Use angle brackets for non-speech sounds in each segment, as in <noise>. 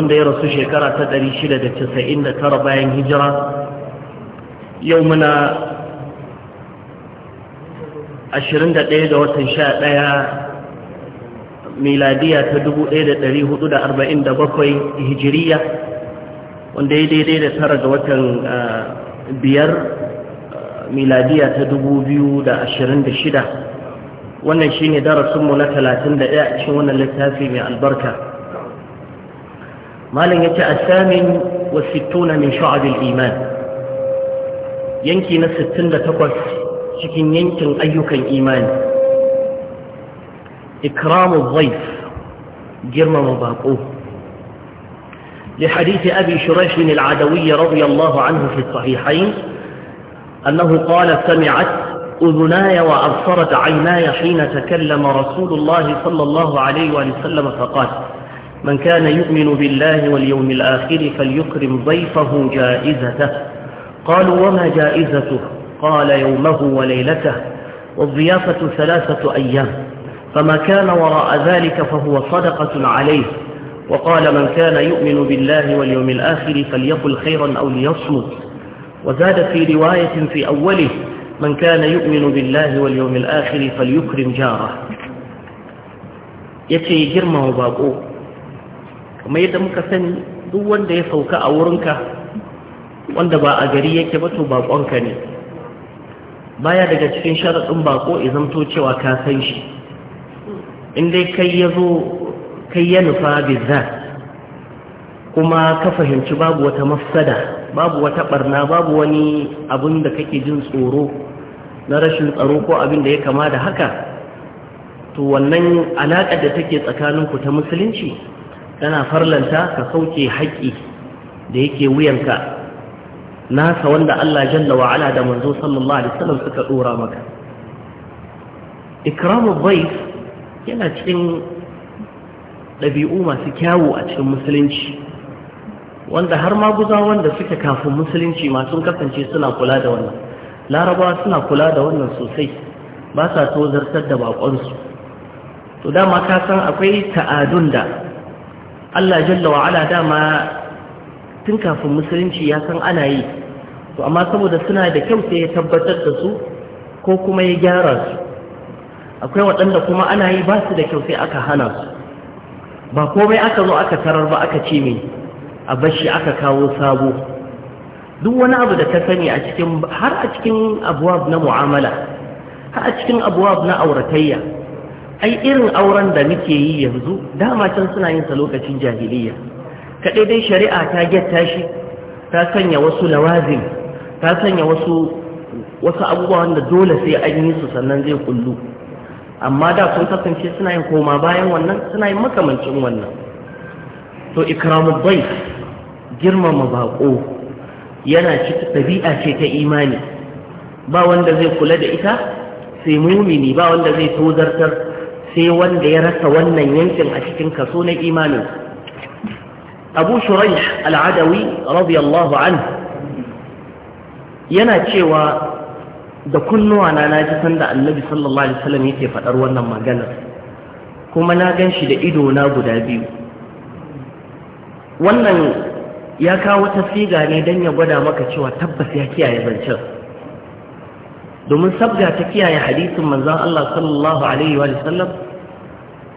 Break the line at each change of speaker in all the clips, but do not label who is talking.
wanda ya rasu shekara ta 699 bayan hijira yau muna 21 da watan 11 miladiya ta 1447 hijiriya wanda ya daidai da tara ga watan ah, biyar ah, miladiya ta 2026 wannan shine darasinmu na 31 a cikin wannan littafi mai albarka ما لن يتأى الثامن والستون من شعب الإيمان ينكي نفس التن لتقص شكين ينكي أيك الإيمان إكرام الضيف جرم مباقوه لحديث أبي شريش من العدوي رضي الله عنه في الصحيحين أنه قال سمعت أذناي وأبصرت عيناي حين تكلم رسول الله صلى الله عليه وسلم فقال من كان يؤمن بالله واليوم الآخر فليكرم ضيفه جائزته قالوا وما جائزته قال يومه وليلته والضيافة ثلاثة أيام فما كان وراء ذلك فهو صدقة عليه وقال من كان يؤمن بالله واليوم الآخر فليقل خيرا أو ليصمت وزاد في رواية في أوله من كان يؤمن بالله واليوم الآخر فليكرم جاره يتي جرمه بابوه kamar yadda muka sani duk wanda ya sauka a wurinka wanda ba a gari yake ba to baƙonka ne baya daga cikin sharaɗin baƙo izamto cewa ka san shi in dai kai ya zo kai ya nufa bizar, kuma ka fahimci babu wata mafsada babu wata ɓarna, babu wani abin da kake jin tsoro na rashin tsaro ko abin da ya kama da haka to wannan alaƙar da take tsakaninku ta musulunci tana farlanta ka sauke haƙƙi da yake wuyanka nasa wanda Allah jalla wa ala da manzo sallallahu alaihi wasallam suka dora maka ikramu dhayf yana cikin ɗabi'u masu kyawu a cikin musulunci wanda har ma guza wanda suke kafin musulunci ma sun kasance suna kula da wannan larabawa suna kula da wannan sosai ba sa tozartar da baƙonsu to dama ka san akwai ta'adun da Allah jalla wa ala dama tun kafin musulunci ya san ana yi to amma saboda suna da kyau sai ya tabbatar da su ko kuma ya gyara su akwai waɗanda kuma ana yi ba su da kyau sai aka hana su ba komai aka zo aka tarar ba aka ce mai a bashi aka kawo sabo duk wani abu da ka sani a cikin har a cikin abuwab na mu'amala har a cikin abuwab na auratayya ai irin auren da muke yi yanzu dama can suna yin sa lokacin jahiliya kaɗai dai shari'a ta getta shi ta sanya wasu lawazim ta sanya wasu wasu abubuwa wanda dole sai an yi su sannan zai kullu amma da sun kasance suna yin koma bayan wannan suna yin makamancin wannan to ikramu bai girmama bako yana ciki ɗabi'a ce ta imani ba wanda zai kula da ita sai mumini ba wanda zai tozartar sai wanda ya rasa wannan yankin a cikin kaso na imani abu shuraih al'adawi radiyallahu anhu yana cewa da kunnuwa na naji sanda annabi sallallahu alaihi wasallam yake faɗar wannan magana kuma na gan shi da ido na guda biyu wannan ya kawo ta ne don ya gwada maka cewa tabbas ya kiyaye zancen domin sabga ta kiyaye hadisin manzon Allah sallallahu alaihi wa sallam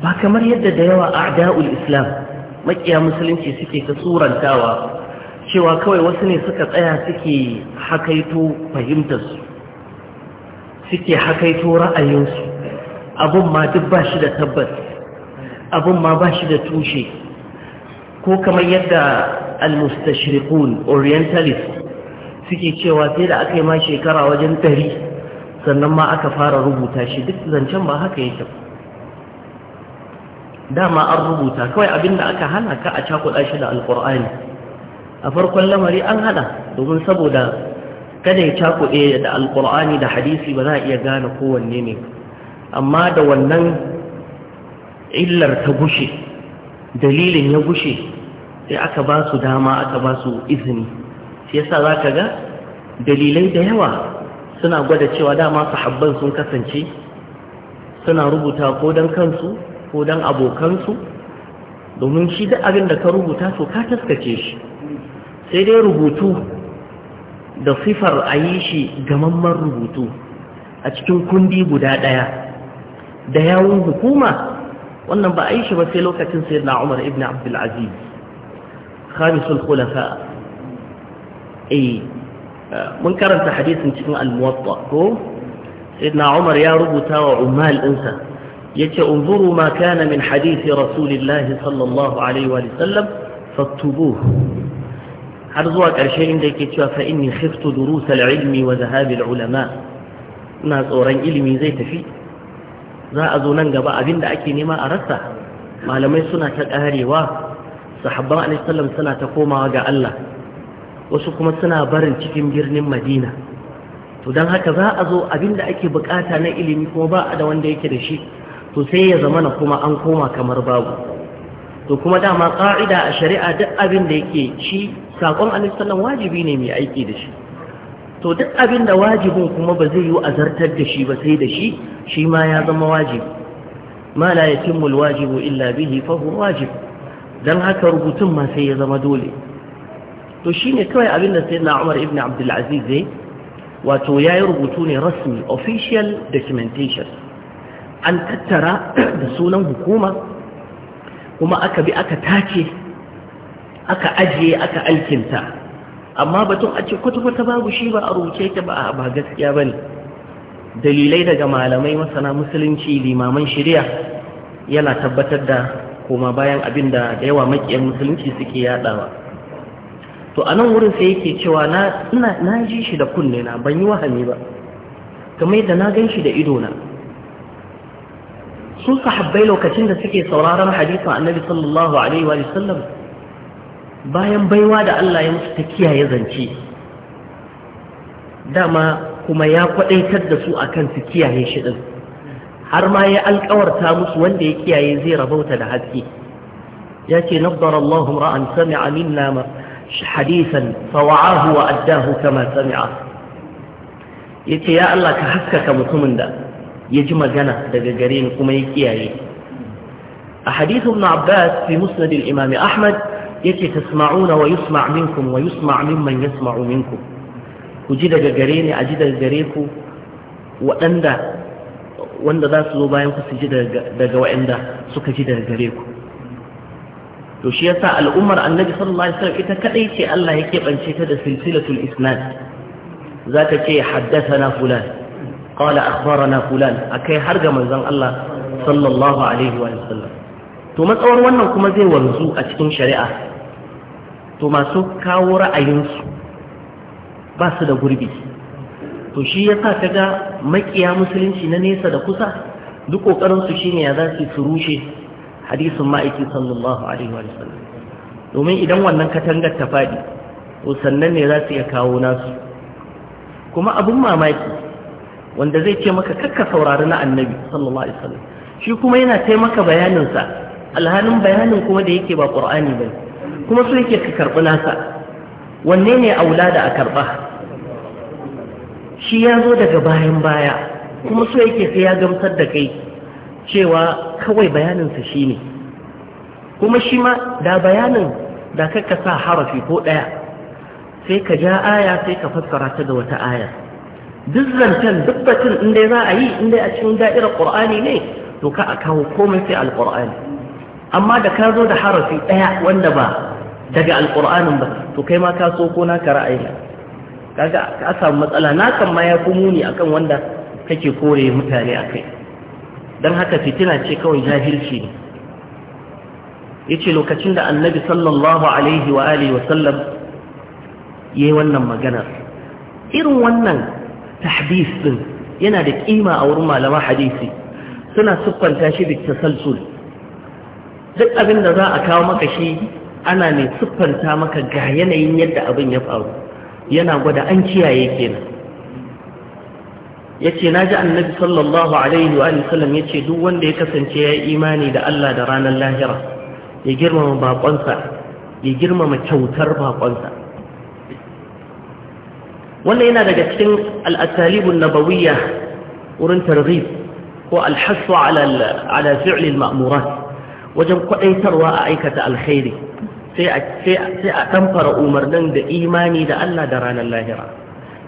ba kamar yadda da yawa a'da'ul islam makiya musulunci suke ta surantawa cewa kawai wasu ne suka tsaya suke hakaito fahimtarsu suke hakaito ra'ayinsu abin ma duk ba shi da tabbas abin ma ba shi da tushe ko kamar yadda al-mustashriqun orientalist suke cewa sai da aka yi ma shekara wajen ɗari sannan ma aka fara rubuta shi duk zancen ba haka yake dama an rubuta kawai abinda aka hana ka a cakuɗa shi da alƙur'ani a farkon lamari an hana domin saboda kada ya cakuɗe da alƙur'ani da hadisi ba za a iya gane kowanne ne amma da wannan illar ta gushe dalilin ya gushe sai aka ba su dama aka ba su izini shi yasa za ka ga dalilai da yawa suna gwada cewa dama sahabban sun kasance suna rubuta ko don kansu ko don abokansu domin shi duk abin da ka rubuta to ka taskace shi sai dai rubutu da sifar a yi shi gamamman rubutu a cikin kundi guda ɗaya da yawun hukuma wannan ba a yi shi ba sai lokacin sai na umar ibn abdulaziz khamisul khulafa A. Eh. mun karanta hadisin cikin al-muwatta ko sayyidina Umar ya rubuta wa ummal ɗinsa yace unzuru ma kana min hadisi rasulillahi sallallahu alaihi wa sallam faktubuhu har zuwa ƙarshe inda yake cewa fa inni khiftu durus al-ilmi wa dhahab al ina tsoron ilimi zai tafi za'a a zo nan gaba abinda ake nema a rasa malamai suna ta ƙarewa sahabban alaihi suna ta komawa ga Allah wasu kuma suna barin cikin birnin madina to don haka za a zo abinda ake bukata na ilimi kuma ba a da wanda yake da shi to sai ya zamana kuma an koma kamar babu to kuma dama ka'ida a shari'a duk abin da yake shi saƙon alisallan wajibi ne mai aiki da shi to duk abin da wajibin kuma ba zai yi a zartar da shi ba sai da shi shi ma ya zama wajibi ma la yatimmu alwajibu illa bihi fa huwa wajib dan haka rubutun ma sai ya zama dole to shine kawai abin da sayyidina Umar ibn Abdul Aziz wato yayi rubutu ne rasmi official documentation an tattara <clears throat> da sunan hukuma kuma aka bi aka tace aka ajiye aka alkinta amma batun a ce kwata-kwata babu shi ba a rubuce ta ba ba gaskiya ba ne dalilai daga malamai masana musulunci limaman shirya yana tabbatar da koma bayan abin da yawa makiyar musulunci suke yadawa to a nan wurin sai yake cewa na ji shi da kunne na ban yi wahami ba kamar yadda na gan shi da ido na sun sahabbai lokacin da suke sauraron hadisin annabi sallallahu alaihi wa sallam bayan baiwa da Allah ya musu ta kiyaye zance dama kuma ya kwadaitar da su akan su kiyaye shi din har ma ya alkawarta musu wanda ya kiyaye zai rabauta da haske ya ce nabbar Allahum ra'an sami'a minna حديثا فوعاه وأداه كما سمعه yace ya Allah ka haskaka mutumin da ya ji magana daga gare ni kuma ya kiyaye a hadith ibn Abbas fi musnad al-Imam Ahmad yace tasma'una wa yusma' minkum wa yusma' mimman yasma'u ku ji daga gare ni a ji daga wanda su zo bayan ku suka ji to shi yasa al'ummar annabi sallallahu alaihi wasallam ita kadai ce Allah ya keɓance ta da silsilatul isnad za ce haddathana fulan qala akhbarana fulan akai har ga manzon Allah sallallahu alaihi wa sallam to matsawar wannan kuma zai wanzu a cikin shari'a to masu kawo ra'ayinsu ba su da gurbi to shi ya sa ka ga makiya musulunci na nesa da kusa duk ƙoƙarinsu shi ne ya za su rushe hadisin ma'aiki sallallahu alaihi wa sallam domin idan wannan katangar ta faɗi to sannan ne za su iya kawo nasu kuma abin mamaki wanda zai ce maka kakka saurari na annabi sallallahu alaihi wa sallam shi kuma yana taimaka bayaninsa alhanin bayanin kuma da yake ba ƙur'ani ba kuma su yake ka karɓi nasa wanne ne aula da a karɓa shi ya zo daga bayan baya kuma su yake sai ya gamsar da kai cewa kawai bayaninsa shi ne kuma shi ma da bayanin da kakka sa harafi ko ɗaya sai ka ja aya sai ka fassara ta da wata aya duk zancen duk batun inda za a yi inda a cikin da'irar ƙur'ani ne to ka a kawo komai sai alƙur'ani amma da ka zo da harafi ɗaya wanda ba daga alƙur'anin ba to kai ma ka so ko na ka ra'ayi kaga ka samu matsala na kan ma ya fi muni akan wanda kake kore mutane a kai don haka fitina ce kawai jahilci ne yace lokacin da annabi sallallahu alaihi wa alihi wa sallam yi wannan maganar irin wannan tahdis din yana da kima a wurin malama hadisi suna siffanta shi da tasalsul duk abin da za a kawo maka shi ana mai siffanta maka ga yanayin yadda abin ya faru yana gwada an kiyaye kenan yace ji annabi sallallahu alaihi wa sallam yace duk wanda ya kasance ya imani da Allah da ranar lahira ya girmama baƙonsa ya girmama kyautar baƙonsa. wannan yana daga cikin al-asalibun nabawiyya wurin targhib ko al ala ala fi'l al-ma'murat wajen kwadaitarwa a aikata alkhairi sai a sai a tamfara umarnin da imani da Allah da ranar lahira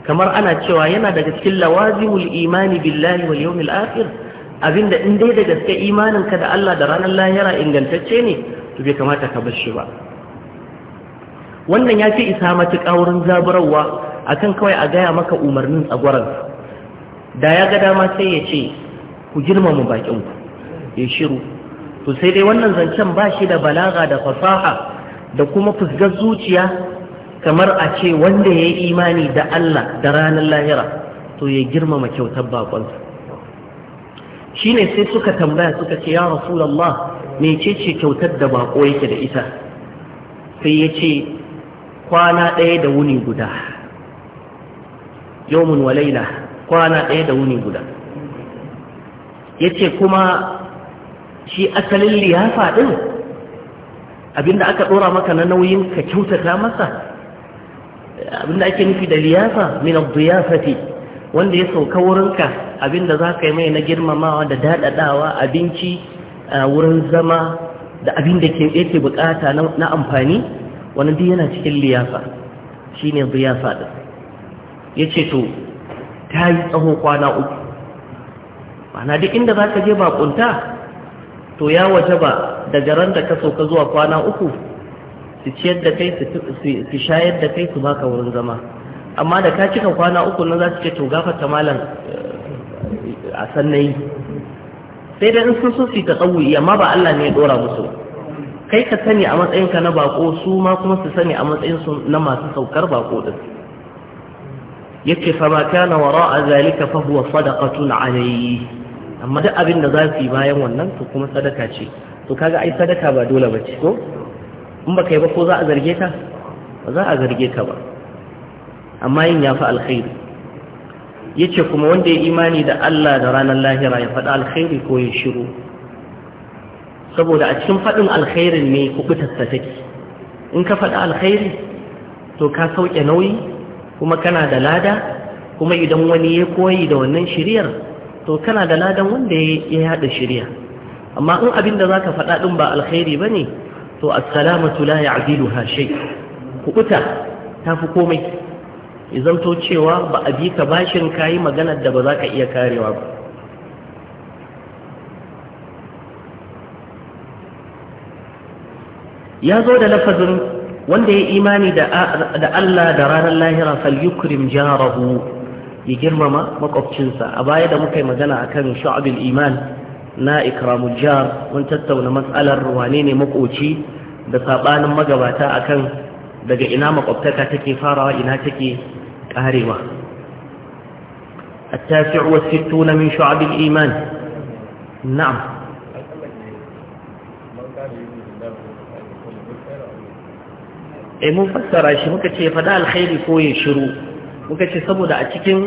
kamar ana cewa yana daga cikin lawazimul imani billahi wal yawmil akhir abinda in dai da gaske imanin ka da Allah da ranar lahira ingantacce ne to bai kamata ka bar shi ba wannan ya fi isa matuka wurin zaburawa akan kawai a gaya maka umarnin tsagwaran da ya ga dama sai ya ce ku girmama bakin ku ya shiru to sai dai wannan zancen ba shi da balaga da fasaha da kuma fusgar zuciya kamar a ce wanda ya yi imani da Allah da ranar lahira to ya girmama kyautar bakonsa shi ne sai suka tambaya suka ce ya rasulallah mece ce kyautar da bako yake da ita sai ya ce kwana ɗaya da wuni guda yawmun walaila kwana ɗaya da wuni guda ya ce kuma shi asalin liyafa ɗin abinda aka ɗora maka na nauyin ka kyautata masa abinda ake nufi da liyafa min wanda ya sauka wurinka abinda zaka yi mai na girmamawa da dadadawa abinci wurin zama da da ke yake bukata na amfani wani duk yana cikin liyafa shine biyafa din yace to ta yi tsaho kwana uku ma'ana duk inda zaka je bakunta to ya wajaba daga ran da ka sauka zuwa kwana uku su ciyar da kai su shayar da kai su baka wurin zama amma da ka cika kwana uku nan za su ce to gafarta malam eh, a sannayi sai da in sun so su ta tsawuyi amma ba Allah ne ya dora musu kai ka sani a matsayinka na bako su ma kuma su sani a matsayin su na masu saukar bako din yake fa ma kana wara'a zalika fa huwa sadaqatun alayhi amma duk abin da za su yi bayan wannan to kuma sadaka ce to kaga ai sadaka ba dole ba ce ko in baka yi ba ko za a zarge ka ba za a zarge ka ba amma yin ya fi alkhairi ya ce kuma wanda ya imani da Allah da ranar lahira ya faɗi alkhairi ko ya shiru saboda a cikin faɗin alkhairin ne kubutarsa take in ka faɗi alkhairi to ka sauke nauyi kuma kana da lada kuma idan wani ya koyi da wannan shiriyar to kana da ladan wanda ya yaɗa shirya? amma in abin da za ka faɗa ɗin ba alkhairi ba ne to assalamatu la ya'diluha shay ta tafi komai izanto cewa ba a bi ka bashin kayi maganar da ba za ka iya karewa ba ya zo da lafazin wanda ya imani da Allah da ranar lahira falyukrim jarahu ya girmama makwabcinsa a baya da muka yi magana a kan sha'abin iman na ikramun jar wani tattauna matsalar wane ne makoci da sabanin magabata akan daga ina makwabtaka take farawa ina take karewa التاسع والستون من شعب iman na'am. e mun fassara shi muka ce fada alkhairi ko ya shiru muka ce saboda a cikin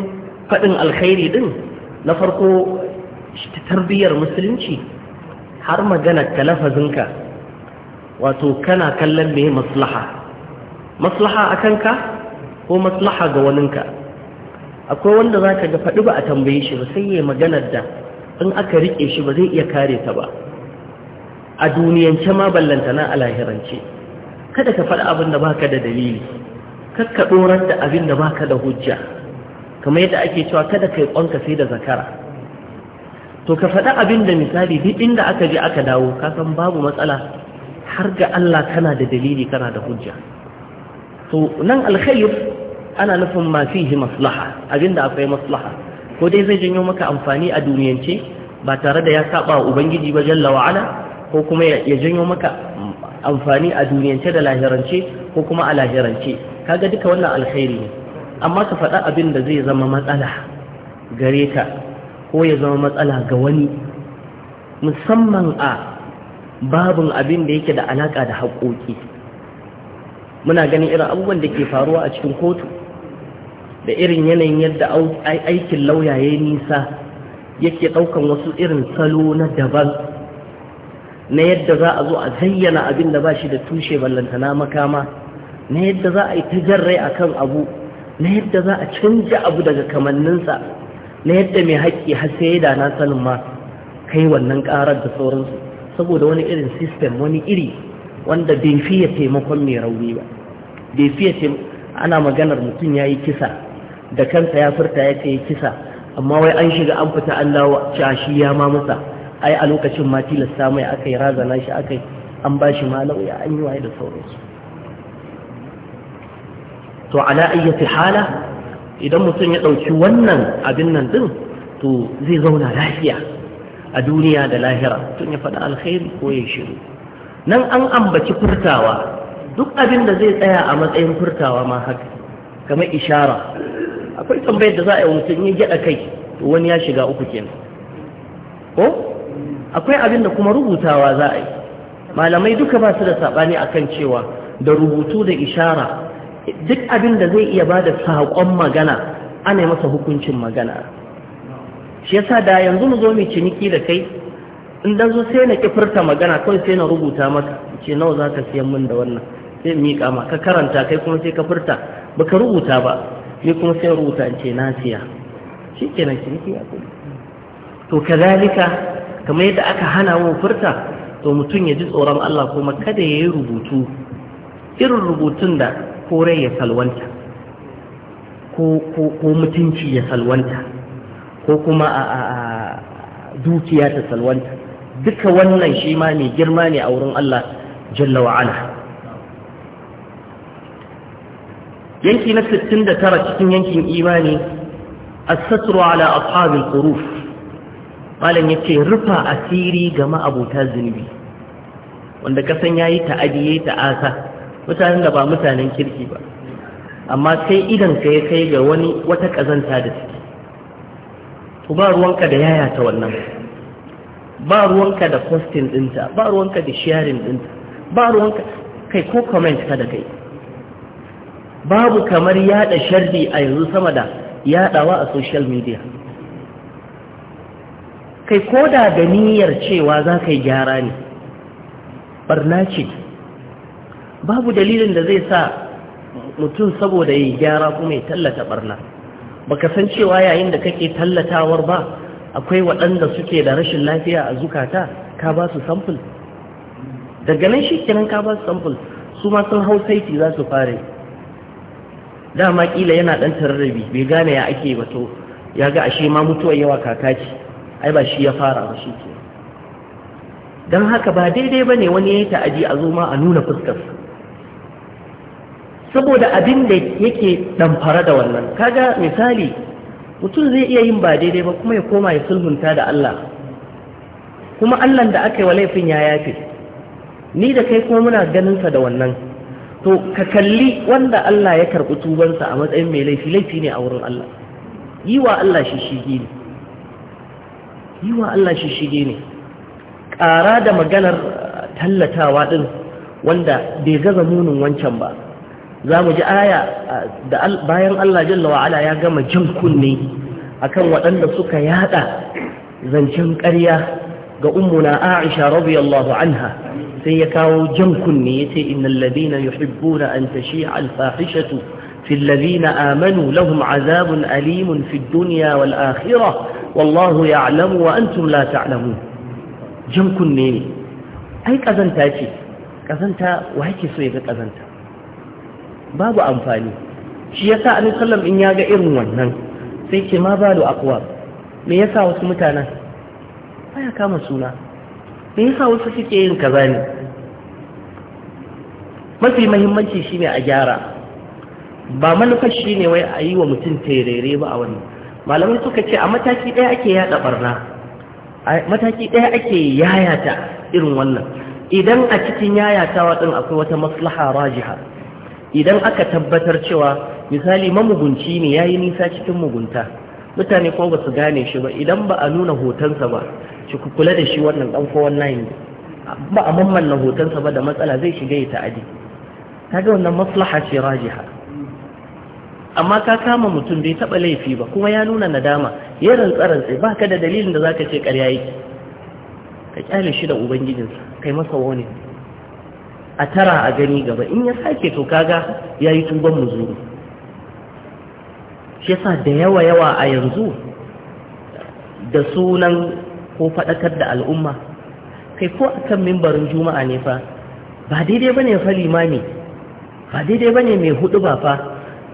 fadin alkhairi din na farko tarbiyyar musulunci har magana talafazinka wato kana kallon me maslaha maslaha a kanka ko maslaha ga waninka akwai wanda za ka ga faɗi ba a tambaye shi ba sai ya maganar da in aka riƙe shi ba zai iya kare ta ba a duniyance ma ballanta na alahirance kada ka faɗi abin da ka da dalili kakka ɗorar da abin da ka da hujja kamar yadda ake cewa kada kai ƙwanka sai da zakara to ka faɗi abin da misali duk inda aka je aka dawo ka san babu matsala har ga Allah kana da dalili kana da hujja to nan alkhair ana nufin ma fihi maslaha abinda akwai maslaha ko dai zai janyo maka amfani a duniyance ba tare da ya saba wa ubangiji ba jalla wa ala ko kuma ya janyo maka amfani a duniyance da lahirance ko kuma a lahirance kaga duka wannan alkhairi ne amma ka faɗa abin da zai zama matsala gare ka ko ya zama matsala ga wani musamman a babin abin da yake da alaka da haƙoƙi muna ganin irin abubuwan da ke faruwa a cikin kotu da irin yanayin yadda aikin lauya ya nisa yake ɗaukan wasu irin salo na daban na yadda za a zo a zayyana abin da ba shi da tushe ballantana makama na yadda za a yi tajarrai a kan abu na yadda za a canja abu daga kamanninsa na yadda mai haƙƙi har sai da na sanin ma kai wannan ƙarar da sauransu saboda wani irin system wani iri wanda bai fiye taimakon mai rauni ba bai fiye ana maganar mutum ya yi kisa da kansa ya furta ya kai kisa amma wai an shiga an fita an dawo a shi ya ma masa ai a lokacin ma tilasta mai aka yi razana shi aka an ba shi malau ya an yi waye da sauransu to ala ayyati hala idan mutum ya ɗauki wannan abin nan din to zai zauna lafiya a duniya da lahira tun ya faɗi alkhairi ko ya shiru nan an ambaci furtawa duk abin da zai tsaya a matsayin furtawa ma haka kamar ishara akwai tambayar da za a yi mutum ya gyaɗa kai to wani ya shiga uku kenan ko akwai abin da kuma rubutawa za a yi malamai duka ba su da saɓani kan cewa da rubutu da ishara duk abin da zai iya ba da saƙon magana ana masa hukuncin magana shi yasa da yanzu mu zo mu ciniki da kai in dan zo sai na kifirta magana kawai sai na rubuta maka ce nawa za ka siyan min da wannan sai miƙa ma ka karanta kai kuma sai ka furta baka rubuta ba ni kuma sai rubuta in ce na siya shi kenan ciniki ya kuma to kazalika kamar yadda aka hana mu furta to mutum ya ji tsoron Allah kuma kada ya yi rubutu irin rubutun da kore ya salwanta ko mutunci ya salwanta ko kuma a dukiya ta salwanta duka wannan shi ma mai girma ne a wurin Allah jalla wa'ala yanki na 69 cikin yankin imani asasru ala ashabin quruf malam ce, rufa asiri ga ma'abuta zunubi wanda kasan yayi ta'adi yayi ta'asa mutanen da ba mutanen kirki ba amma sai idan ka ya kai ga wani wata kazanta da suke to ba ruwanka da yaya ta wannan ba ruwanka da posting dinta ba ruwanka da sharing dinta ba ruwanka kai ko comment da kai babu kamar yada sharri a yanzu sama da yadawa a social media kai ko da da niyyar cewa za ka yi gyara ne barna ce babu dalilin da zai sa mutum saboda ya yi gyara kuma ya tallata barna baka san cewa yayin da kake tallatawar ba akwai waɗanda suke da rashin lafiya a zukata ka ba su samfil daga nan shi kenan ka ba su samfil su ma sun hau saiti za su fare dama kila yana ɗan tararrabi bai gane ya ake ba to ya ga ashe ma mutuwar yawa kaka ce ai ba shi ya fara ba shi ke don haka ba daidai ba ne wani ya yi ta'aji a zo ma a nuna fuskarsa saboda abin da yake damfara da wannan kaga misali mutum zai iya yin ba daidai ba kuma ya koma ya sulhunta da Allah kuma Allah da aka yi wa laifin ya yafe ni da kai kuma muna ganinsa da wannan to ka kalli wanda Allah ya karɓi tubansa a matsayin mai laifi laifi ne a wurin Allah yi wa Allah ne yi wa Allah shishige ne ƙara da maganar tallatawa ɗin wanda bai gaza munin wancan ba za mu ji aya da bayan Allah jalla wa'ala ya gama jin kunne akan waɗanda suka yada zancen ƙarya ga ummuna Aisha radiyallahu anha sai ya kawo jan kunne yace innal ladina yuhibbuna an tashi'a al-fahishatu fil ladina amanu lahum azabun alimun fid dunya wal akhirah wallahu ya'lamu wa antum la ta'lamun jan kunne ne ai kazanta ce kazanta wa yake so ya ga kazanta babu amfani shi yasa alaihi sallam in ya ga irin wannan sai ce ma balu akwa me yasa wasu mutanen baya kama suna me yasa wasu suke yin kaza ne mafi mahimmanci shine a gyara ba manufar shine wai a yi wa mutum terere ba a wannan malamai suka ce a mataki ɗaya ake yaɗa barna a mataki ɗaya ake yayata irin wannan idan a cikin yayatawa ɗin akwai wata maslaha rajiha idan aka tabbatar cewa misali mamugunci ne ya yi nisa cikin mugunta mutane ko ba su gane shi ba idan ba a nuna hotonsa ba shi ku kula da shi wannan ɗan wannan ne ba a mammanna hotonsa ba da matsala zai shiga ya ta'adi kaga wannan maslaha ce rajiha amma ka kama mutum bai taɓa laifi ba kuma ya nuna nadama ya rantsa rantsa ba ka da dalilin da zaka ce ƙarya yake ka kyale shi da ubangijinsa kai masa wani a tara a gani gaba in ya sake to kaga ya yi tuban muzuru shi yasa da yawa yawa a yanzu da sunan ko faɗakar da al'umma kai ko a kan mimbarin juma'a ne fa ba daidai ba ne fa limami ba daidai ba ne mai hudu ba fa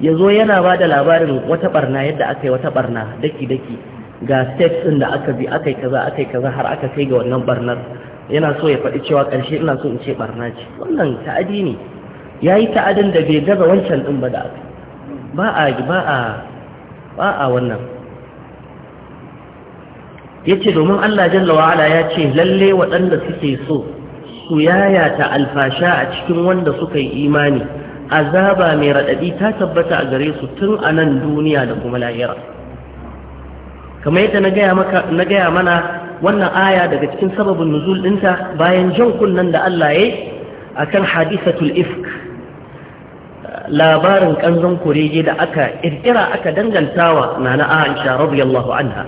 ya zo yana ba da labarin wata barna yadda aka yi wata barna daki-daki ga steps ɗin da aka bi aka yi kaza aka yi kaza har aka kai ga wannan barnar yana so ya faɗi cewa ƙarshe ina so in ce barna ce wannan ta'adi ne ya yi ta'adin da bai gaza wancan ɗin ba da aka ba a ba a ba a wannan ya ce domin Allah jalla wa'ala ya ce lalle waɗanda suke so su yayata alfasha a cikin wanda suka yi imani azaba mai raɗaɗi ta tabbata a gare su tun a nan duniya da kuma lahira kamar yadda na gaya mana wannan aya daga cikin sababin nuzul ɗinta bayan jan kunnen da Allah ya yi a kan hadisatul ifk labarin ƙanzon kurege da aka ƙirƙira aka dangantawa na na aisha radiyallahu anha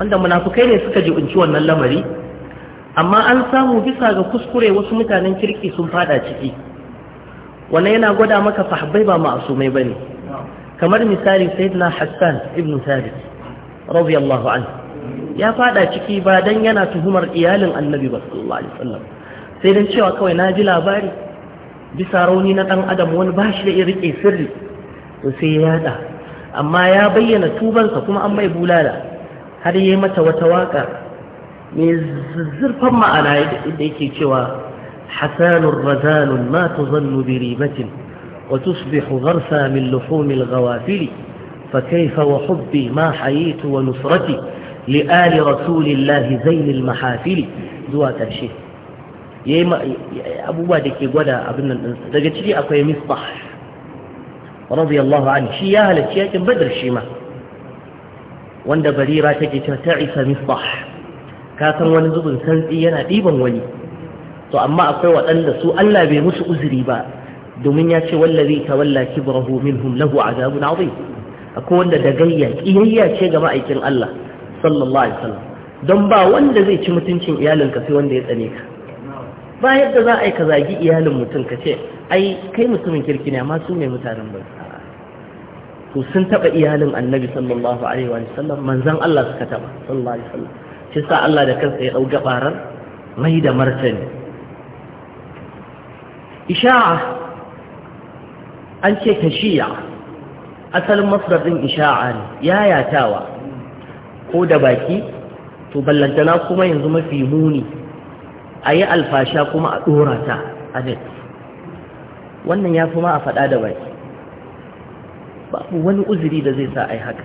wanda munafukai ne suka jibinci wannan lamari amma an samu bisa ga kuskure wasu mutanen kirki sun fada ciki wannan yana gwada maka sahabbai ba ma'asumai bane kamar misali sayyidina hassan ibn thabit radiyallahu anhu ya fada ciki ba dan yana tuhumar iyalin annabi ba sallallahu alaihi wasallam sai dan cewa kawai na ji labari bisa rauni na dan adam wani ba shi da ya rike sirri to sai ya yada amma ya bayyana tubansa kuma an mai bulala har yi mata wata waka mai zurfan ma'ana da yake cewa hasanun razanun ma tuzannu bi ribatin wa tusbihu gharsa min luhumil ghawafili fa kaifa wa hubbi ma hayitu wa nusrati li'ali rasulillahi zainil mahafili zuwa ƙarshe abubuwa da ke gwada abin nan ɗinsa daga ciki akwai misbah radiyallahu anhu shi ya halarci yakin badar shi ma wanda barira take cewa ta isa misbah ka san wani zubin santsi yana ɗiban wani to amma akwai waɗanda su Allah bai musu uziri ba domin yace ce wallazi tawalla kibrahu minhum lahu azabun azim akwai wanda da gayya kiyayya ce ga ma'aikin Allah sallallahu alaihi wasallam don ba wanda zai ci mutuncin iyalinka sai wanda ya tsane ka ba yadda za a yi ka zagi iyalin mutum ka ce ai kai mutumin kirki ne amma su ne mutanen ba to sun taba iyalin annabi sallallahu alaihi wasallam manzon Allah suka taba sallallahu alaihi wasallam shi sa Allah da kansa ya dauka barar mai da martani isha'a an ce kashiya asalin masdar din isha'a ne yayatawa ko da baki to ballantana kuma yanzu mafi muni a yi alfasha kuma a ɗora ta wannan ya fi ma a faɗa da baki babu wani uzuri da zai sa a yi haka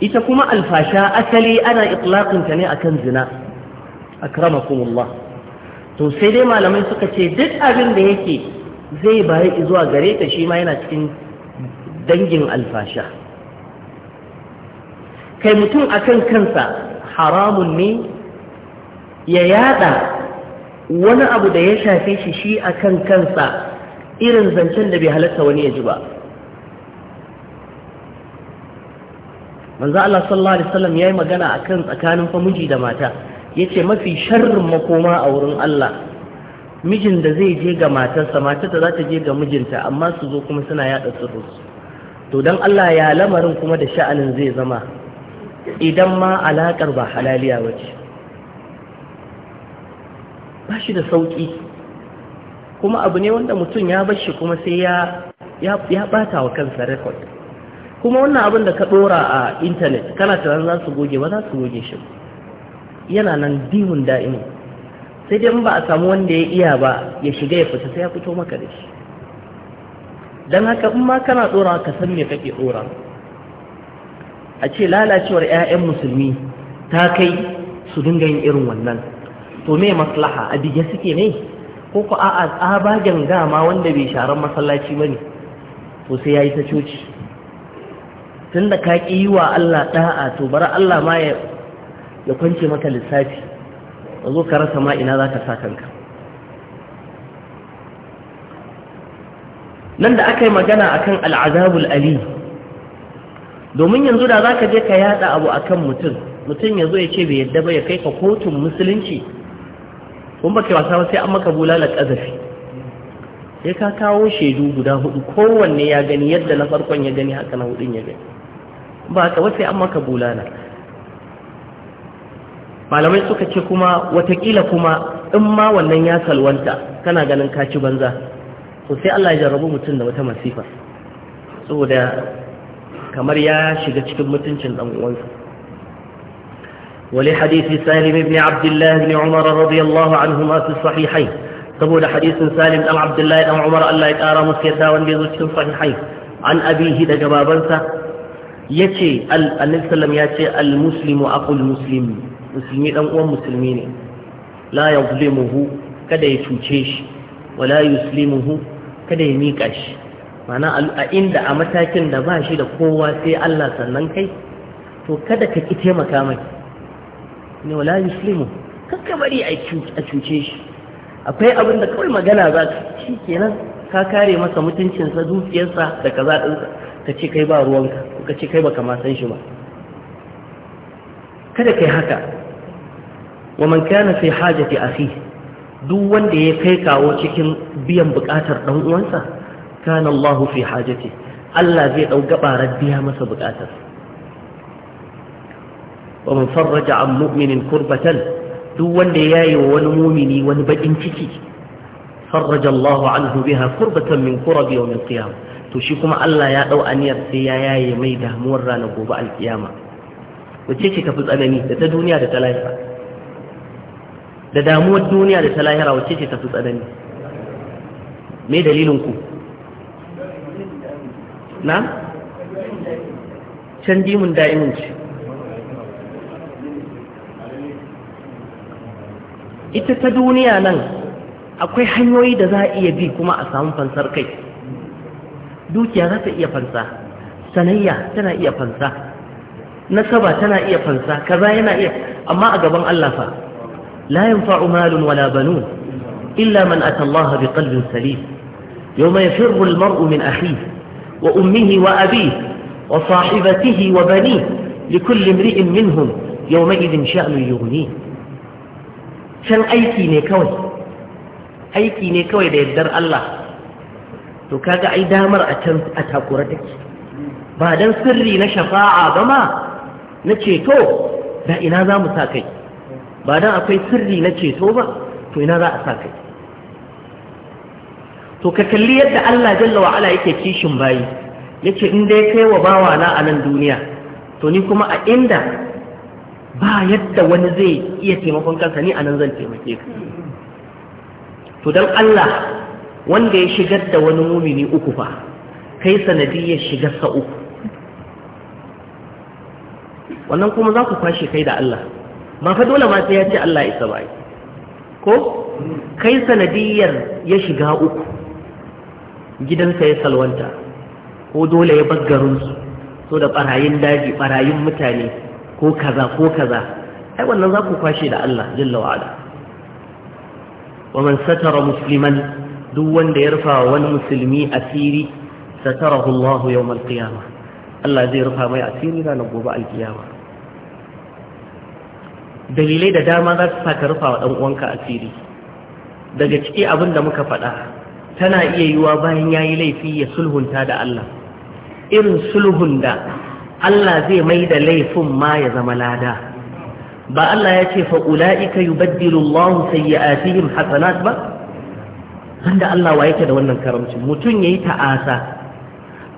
ita kuma alfasha asali ana itlaƙinta ne akan zina akramakumullah to sai dai malamai suka ce duk abin da yake zai bayi zuwa gare ta shi ma yana cikin dangin alfasha kai mutum akan kansa haramun ne ya yada wani abu da ya shafe shi shi akan kansa irin zancen da bai halatta wani ya ji ba manzo Allah sallallahu alaihi wasallam yayi magana akan tsakanin famiji da mata yace mafi sharrin makoma a wurin Allah mijin da zai je ga matarsa matarsa za ta je ga mijinta amma su zo kuma suna yada sirrinsu to don Allah ya lamarin kuma da sha'anin zai zama idan ma alaƙar ba halaliya wace ba shi da sauƙi kuma abu ne wanda mutum ya bashi kuma sai ya ɓata wa kansa rekod kuma wannan abin da ka ɗora a intanet kana tunanin za su goge ba za su goge shi yana nan dimun da'ini sai dai ba a samu wanda ya iya ba ya shiga ya fita sai ya fito maka da shi don haka in ma kana ɗora ka san me kake ɗora a ce lalacewar 'ya'yan musulmi ta kai su dinga yin irin wannan to me maslaha a bige suke ne ko ku a tsabagen gama wanda bai sharan masallaci ba ne to sai ya yi ta coci tun da ka ƙi yi wa Allah ɗa'a to bari Allah ma ya kwance maka lissafi a zo ka rasa ma ina za ka sa kanka nan da aka yi magana akan al'azabul Aliyu. domin yanzu da za ka je ka yada abu a kan mutum mutum yazo ya ce bai yadda ba ya kai ka kotun musulunci kuma ke wasa ba sai an maka bulala kazafi Ya ka kawo shaidu guda hudu kowanne ya gani yadda na farkon ya gani haka na hudun ya gani ba ka sai an maka bulala malamai suka ce kuma watakila kuma in ma wannan ya salwanta kana ganin kaci banza to sai Allah ya jarrabu mutum da wata masifa saboda kamar ya shiga cikin mutuncin dan uwansa wali hadisi salim ibn abdullah ibn umar radiyallahu anhuma fi sahihain saboda hadisin salim dan abdullah dan umar Allah ya kara musu yadda wanda ya yazo cikin sahihain an abihi daga babansa ya yace annabi sallam ce al muslimu aqul muslim musulmi dan uwan musulmi ne la yuzlimuhu kada ya cuce shi wala yuslimuhu kada ya mika shi mana a inda a matakin da ba shi da kowa sai Allah sannan kai to kada ka ƙi taimaka mai ne wala muslimu kakka bari a cuce shi akwai abin da kawai magana za ka shi kenan ka kare masa mutuncinsa dukiyarsa da kaza ɗinsa ka ce kai ba ruwanka ka ce kai baka ma san shi ba kada kai haka wa man kana fi hajati akhi duk wanda ya kai kawo cikin biyan bukatar dan uwansa kana Allah fi Allah zai dau gabarar biya masa bukatar wa man farraja an wa wani mumini wani bakin ciki farraja Allah anhu biha ya dau aniyar sai ya yaye da ta da damuwar duniya da ta me dalilin ku na? can dimun da'imun ce ita ta duniya nan akwai hanyoyi da za a iya bi kuma a samu fansar kai dukiya za ta iya fansa sanayya tana iya fansa nasaba tana iya fansa kaza yana iya amma a gaban Allah fa la yanfa'u malun wala banun illa man ata Allah biqalbin salim yawma yafirru al-mar'u min akhihi وأمه وأبيه وصاحبته وبنيه لكل امرئ منهم يومئذ شأن يغنيه كان أي كيني كوي أي كيني كوي بيدر الله تكاك أي دامر أتاكورتك بعد سري نشفاعة بما نشيتو بإنها ذا متاكي بعد أكي سري نشيتو بإنها ذا أتاكي to ka kalli yadda Allah jalla wa ala yake kishin bayi yace in dai kai wa bawa na a nan duniya to ni kuma a inda ba yadda wani zai iya taimakon kansa ni a nan zan taimake ka to dan Allah wanda ya shigar da wani mumini uku fa kai sanadiyar shigar sa uku wannan kuma za ku kwashe kai da Allah ba fa dole ma sai ya ce Allah isa ba ko kai sanadiyar ya shiga uku gidansa ya salwanta ko dole ya baggarinsu so da ɓarayin daji ɓarayin mutane ko kaza ko kaza ai wannan za ku kwashe da Allah jalla wa'ala wa man satara musliman duk wanda ya rufa wani musulmi asiri satarahu Allah yawmal qiyamah Allah zai rufa mai asiri ranar gobe alkiyama dalilai da dama za su saka rufa wa dan uwanka asiri daga ciki abin da muka faɗa tana iya yiwa bayan ya yi laifi ya sulhunta da Allah irin sulhun da Allah zai mai da laifin ma ya zama lada ba Allah ya ce fa'ula'ika yi baddilullahu sai ya hasanat ba wanda Allah wa yake da wannan karamci mutum ya yi ta'asa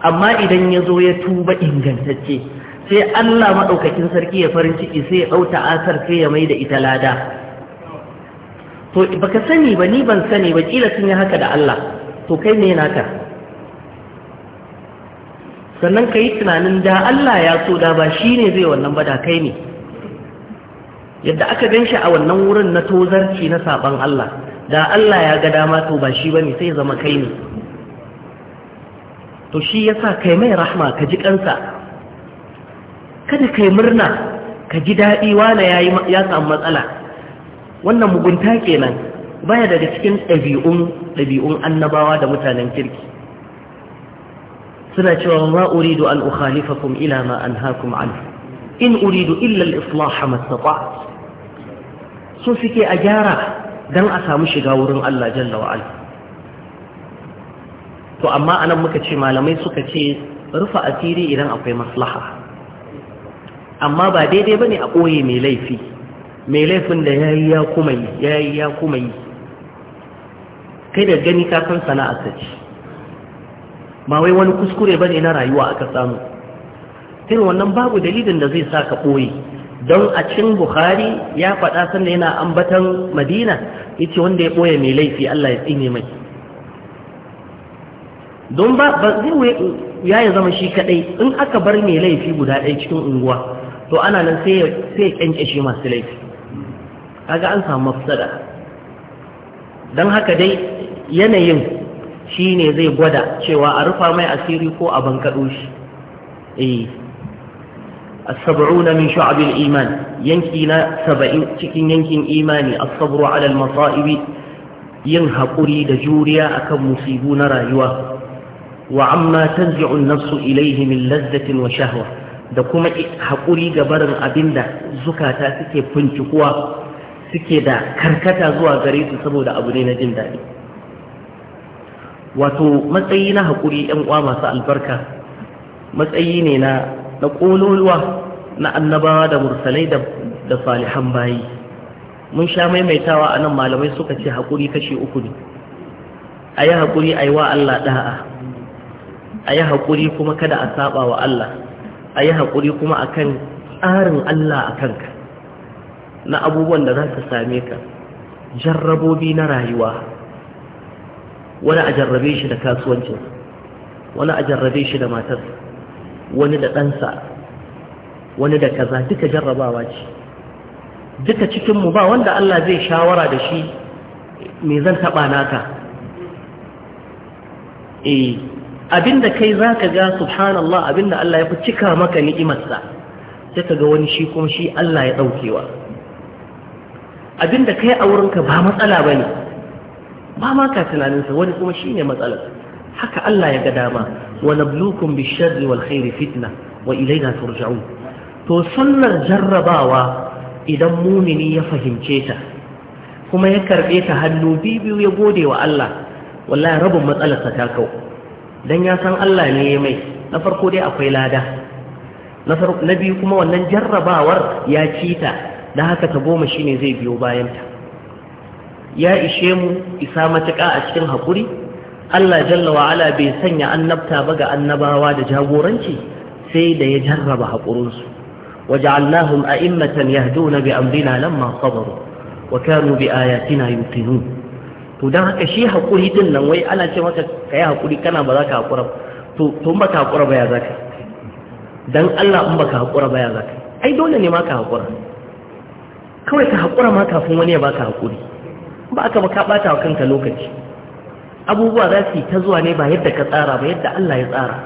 amma idan ya zo ya tuba ingantacce sai Allah maɗaukakin sarki ya farin ciki sai ya ɗau ta'asar sai ya mai da ita lada to baka sani ba ni ban sani ba kila sun yi haka da Allah to kai ne naka sannan ka yi tunanin da Allah ya so da ba shi ne zai wannan ba da kai ne yadda aka gan shi a wannan wurin na tozarci na saban Allah da Allah ya ga dama to ba shi ba ne sai zama kai ne to shi ya sa kai mai rahma ka ji kansa kada kai murna ka ji daɗi wana ya samu matsala wannan mugunta kenan baya daga cikin ɗabi'un ɗabi'un annabawa da mutanen kirki suna cewa ma uridu an ukhalifakum ila ma anhaakum anhu in uridu illa al-islah ma so suke a gyara dan a samu shiga wurin Allah jalla wa ala to amma anan muka ce malamai suka ce rufa asiri idan akwai maslaha amma ba daidai bane a ɓoye mai laifi mai laifin da ya yi ya kuma yi ya yi ya kuma yi kai da gani ka san sana'ar ta ce ba wai wani kuskure bane na rayuwa aka samu tun wannan babu dalilin da zai sa ka ɓoye don a cin bukhari ya faɗa sannan yana ambatan madina ce wanda ya ɓoye mai laifi allah ya tsine mai don ba zai ya yi zama shi kaɗai in aka bar mai laifi guda ɗaya cikin unguwa to ana nan sai ya kyanke shi masu laifi kaga an samu mafsada don haka dai yanayin shi ne zai gwada cewa a rufe mai asiri ko a bankaɗo shi eh, a sab'u na min sha'abin iman yanki na saba'in cikin yankin imani a sab'u alal masa'ibi yin haƙuri da juriya akan kan musibu na rayuwa wa amma tanzi'un nasu ilaihi min lazzatin wa shahwa da kuma haƙuri ga barin abinda zukata suke fincikuwa suke da karkata zuwa gare su saboda abu ne na jin daɗi wato matsayi na haƙuri ‘yan uwa masu albarka matsayi ne na na ƙololuwa na annabawa da mursalai da falihan bayi mun sha maimaitawa a nan malamai suka ce haƙuri kashe uku ne a yi haƙuri a yi wa Allah ɗa'a a yi haƙuri kuma kada a saba wa Allah a yi haƙuri kuma a kan tsarin Allah a kanka na abubuwan da za su same ka jarrabobi na rayuwa wani a jarrabe shi da kasuwancin wani a jarrabe shi da matar wani da ɗansa wani da kaza duka jarrabawa ce duka cikinmu ba wanda Allah zai shawara da shi me zan taɓa naka eh abinda kai za ka ga subhanallah abinda Allah ya fi cika maka ni'imarsa sai ka ga wani shi kuma shi Allah ya ɗaukewa abin da kai a wurinka ba matsala ba ne ba ma ka tunaninsa wani kuma shi ne haka Allah ya ga dama wa nablukum bi sharri wal khairi fitna wa ilaina turja'un to sannan jarrabawa idan mumini ya fahimce ta kuma ya karɓe ta hannu biyu ya gode wa Allah wallahi rabin matsalarsa ta kau dan ya san Allah ne ya mai na farko dai akwai lada na biyu kuma wannan jarrabawar ya ci ta da haka ta goma shi ne zai biyo bayanta ya ishe mu isa matuƙa a cikin haƙuri Allah jalla wa'ala bai sanya annabta ba ga annabawa da jagoranci sai da ya jarraba haƙurinsu Waje waja'alnahum a'immatan yahduna bi amrina lamma sabaru wa kanu bi ayatina yuqinun to dan haka shi haƙuri din nan wai ana ce maka yi haƙuri kana ba za ka haƙura to to ba ka haƙura ba ya ka. dan Allah in ka haƙura ba ya ka. ai dole ne ma ka haƙura kawai ka haƙura ma kafin wani ya baka haƙuri ba aka ba ka ɓata wa kanka lokaci abubuwa za su yi ta zuwa ne ba yadda ka tsara ba yadda Allah ya tsara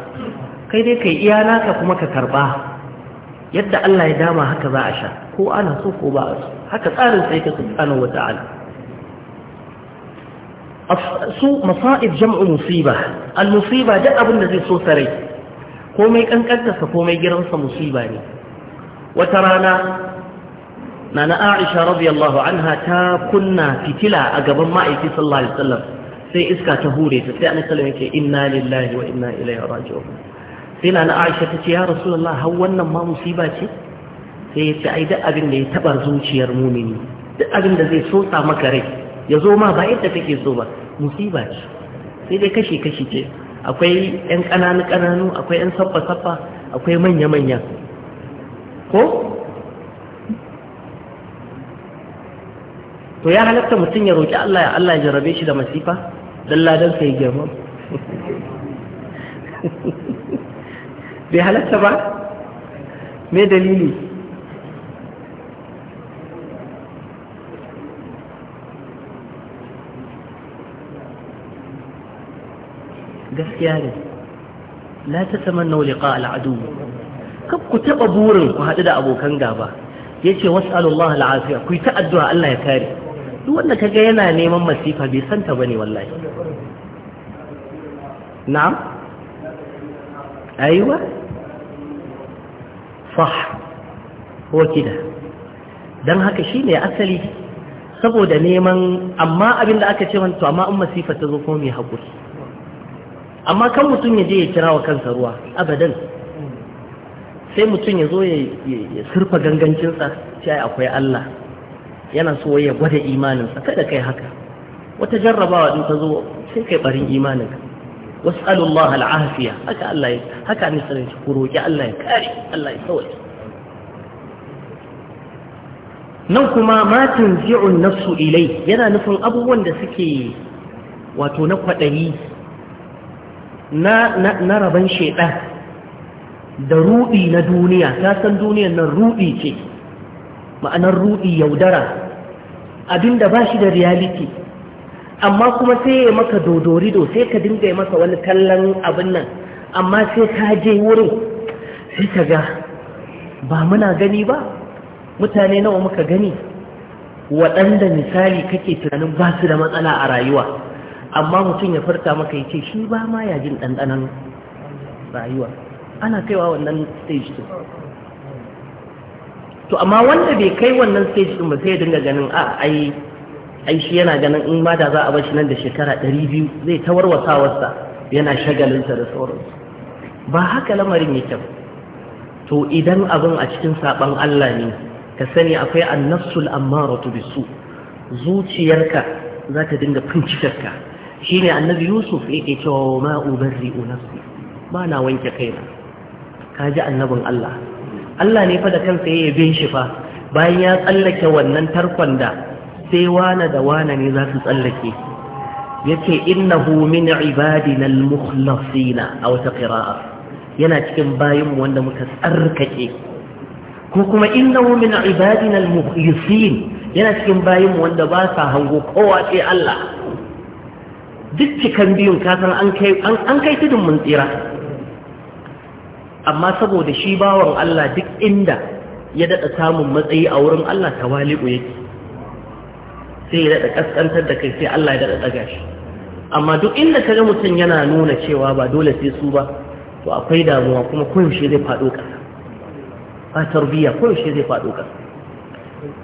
kai dai kai iyana ka kuma ka karɓa yadda Allah ya dama haka za a sha ko ana so ko ba a so haka tsarin sai ta subhanahu wata'ala su masa'ib jam'u musiba al-musiba duk abin da zai so sarai komai kankantarsa komai giransa musiba ne wata rana nana aisha radiyallahu anha ta kunna fitila a gaban ma'aiki sallallahu alaihi wasallam sai iska ta hure ta sai annabi sallallahu inna lillahi wa inna ilaihi raji'un sai nana aisha ta ce ya rasulullah har wannan ma musiba ce sai ya ce ai duk abin da ya taba zuciyar mumini duk abin da zai sosa maka rai ya zo ma ba yadda kake so ba musiba ce sai dai kashi kashi ce akwai yan ƙananu ƙananu akwai yan sabba sabba akwai manya manya ko to ya halatta mutum ya roƙi Allah ya Allah ya jarrabe shi da masifa dan ladan sai girma <laughs> bai halatta ba me dalili gaskiya ne la ta tamanna liqa al'adu kab ku taɓa burin ku haɗu da abokan gaba Ya ce wasu Allah al'afiya ku yi ta addu'a Allah ya kare duk wanda ka ga yana neman masifa bai santa bane wallahi na'am aiwa sah ko kida dan haka shine asali saboda neman amma abinda aka ce wani to amma in masifa ta zo kuma mai haƙuri amma kan mutum ya je ya kira wa kansa ruwa abadan sai mutum ya zo ya surfa gangancinsa sai akwai Allah yana so ya gwada imaninsa kada kai haka wata jarrabawa din ta zo sai kai barin imaninka was'alu Allah al'afiya haka Allah ya haka ne sanin ku roki Allah ya kare Allah ya sauke nan kuma ma tunzi'u nafsu ilai yana nufin abubuwan da suke wato na kwaɗayi na na raban shedan da ruɗi na duniya ta san duniyar nan ruɗi ce ma'anar ruɗi yaudara abinda ba shi da reality amma kuma sai ya maka dodorido sai ka dinga maka wani kallon abin nan amma sai ka je wurin sai ka ga ba muna gani ba mutane nawa muka gani waɗanda misali kake tunanin ba su da matsala a rayuwa amma mutum ya farta maka ya ce shi ba ma yajin ɗanɗanan rayuwa ana kaiwa wannan stage to. to amma wanda bai kai wannan stage din ba sai ya dinga ganin a ah, ai ai shi yana ganin in ma da za a bar shi nan da shekara biyu zai tawarwasa wasa yana shagalinsa da sauransu ba haka lamarin yake ba to idan abin a cikin saban Allah ne ka sani akwai annasul ammaratu bisu zuciyarka za ta dinga ka shine annabi Yusuf yake cewa ma ubarri nafsi ba na wanke kaina kaji annabin Allah Allah ne fa da kansa ya yabe shi fa bayan ya tsallake wannan tarkon da sai wane da wane ne za su tsallake yace innahu min ibadina al-mukhlasina aw taqra'a yana cikin bayin wanda muka tsarkake ko kuma innahu min ibadina al-mukhlisin yana cikin bayin wanda ba sa hango kowa sai Allah duk cikan biyun kasan an kai an kai tudun mun tsira amma saboda shi bawan Allah duk inda ya daɗa samun matsayi a wurin Allah ta wali yake sai ya daɗa ƙasƙantar da kai sai Allah ya daɗa ɗaga shi amma duk inda ka ga mutum yana nuna cewa ba dole sai su ba to akwai damuwa kuma koyaushe zai faɗo ƙasa ba tarbiyya koyaushe zai faɗo ƙasa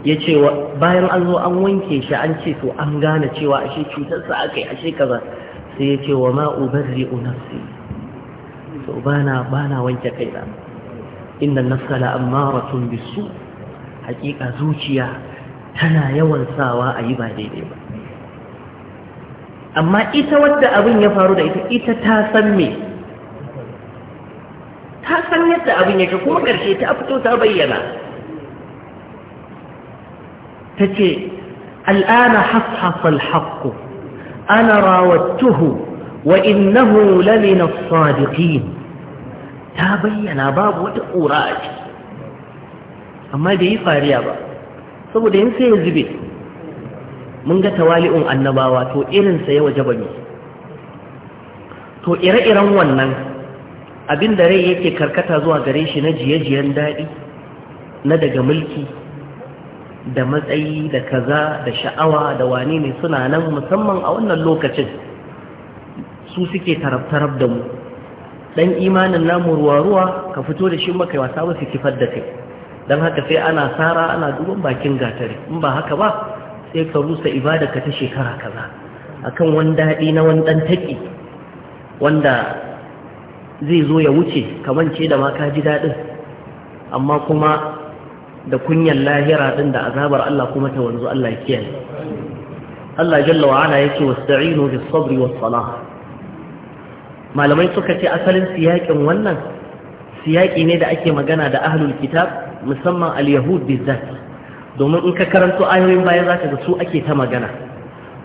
ya ce bayan an zo an wanke shi an ce to an gane cewa ashe cutarsa aka yi ashe kaza sai ya ce wa ri'unar sai sau bana bana wanke kaina inna nafsa la ammaratun bisu hakika zuciya tana yawan sawa a yi ba daidai ba amma ita wadda abin ya faru da ita ita ta san me ta san yadda abin yake kuma ƙarshe ta fito ta bayyana ta ce al'ana hafhafal haƙƙo ana rawattuhu wa innahu lamina sadiqin ta bayyana babu wata ƙura a ciki amma bai yi fariya ba saboda yin sai ya zube mun ga tawali'un annabawa to irinsa ya waje bane to ire-iren wannan abin da rai yake karkata zuwa gare shi na jiye-jiyen daɗi na daga mulki da matsayi da kaza da sha'awa da wane ne suna nan musamman a wannan lokacin su suke tarab-tarab da mu dan imanin namu ruwa-ruwa ka fito da shi maka wasa ba su kifar da kai don haka sai ana tsara ana duban bakin gatari in ba haka ba sai ka rusa ibada ka ta shekara kaza akan wani daɗi na wani ɗan taƙi wanda zai zo ya wuce kamance da ma ka ji daɗin amma kuma da kunyan lahira ɗin da azabar Allah kuma ta wanzu Allah ya kiyaye Allah jalla wa ala yake wasta'inu bis sabri was salah malamai suka ce asalin siyakin wannan siyaki ne da ake magana da ahlul kitab musamman al-yahud bizzat domin in ka karanto ayoyin baya za ka ga su ake ta magana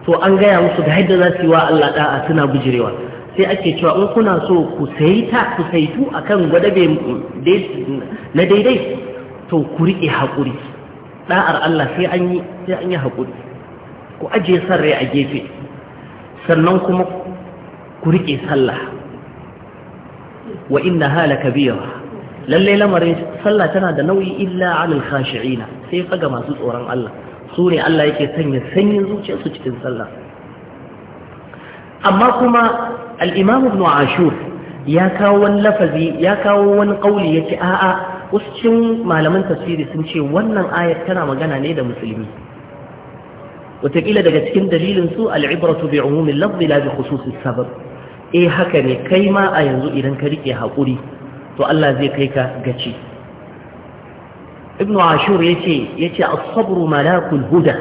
to an gaya musu ga yadda za su yi wa Allah da'a suna bujirewa sai ake cewa in kuna so ku sayi ta ku saitu akan gwadabe na daidai to ku riƙe haƙuri da'ar Allah sai an yi sai an yi haƙuri ku ajiye san rai a gefe sannan kuma ku riƙe sallah wa inna hala kabira lallai lamarin sallah tana da nauyi illa alal khashi'ina sai faga masu tsoron Allah su ne Allah yake sanya sanyin zuciyarsu cikin sallah amma kuma al-imam ibn ashur ya kawo wani lafazi ya kawo wani kauli yake a'a wasu cikin malaman tafsiri sun ce wannan ayar tana magana ne da musulmi wataƙila daga cikin dalilin su al'ibratu bi umumin lafzi la bi eh haka ne kai ma a yanzu idan ka rike haƙuri to Allah zai kai ka gaci ibnu ashur yace yace as-sabru malakul huda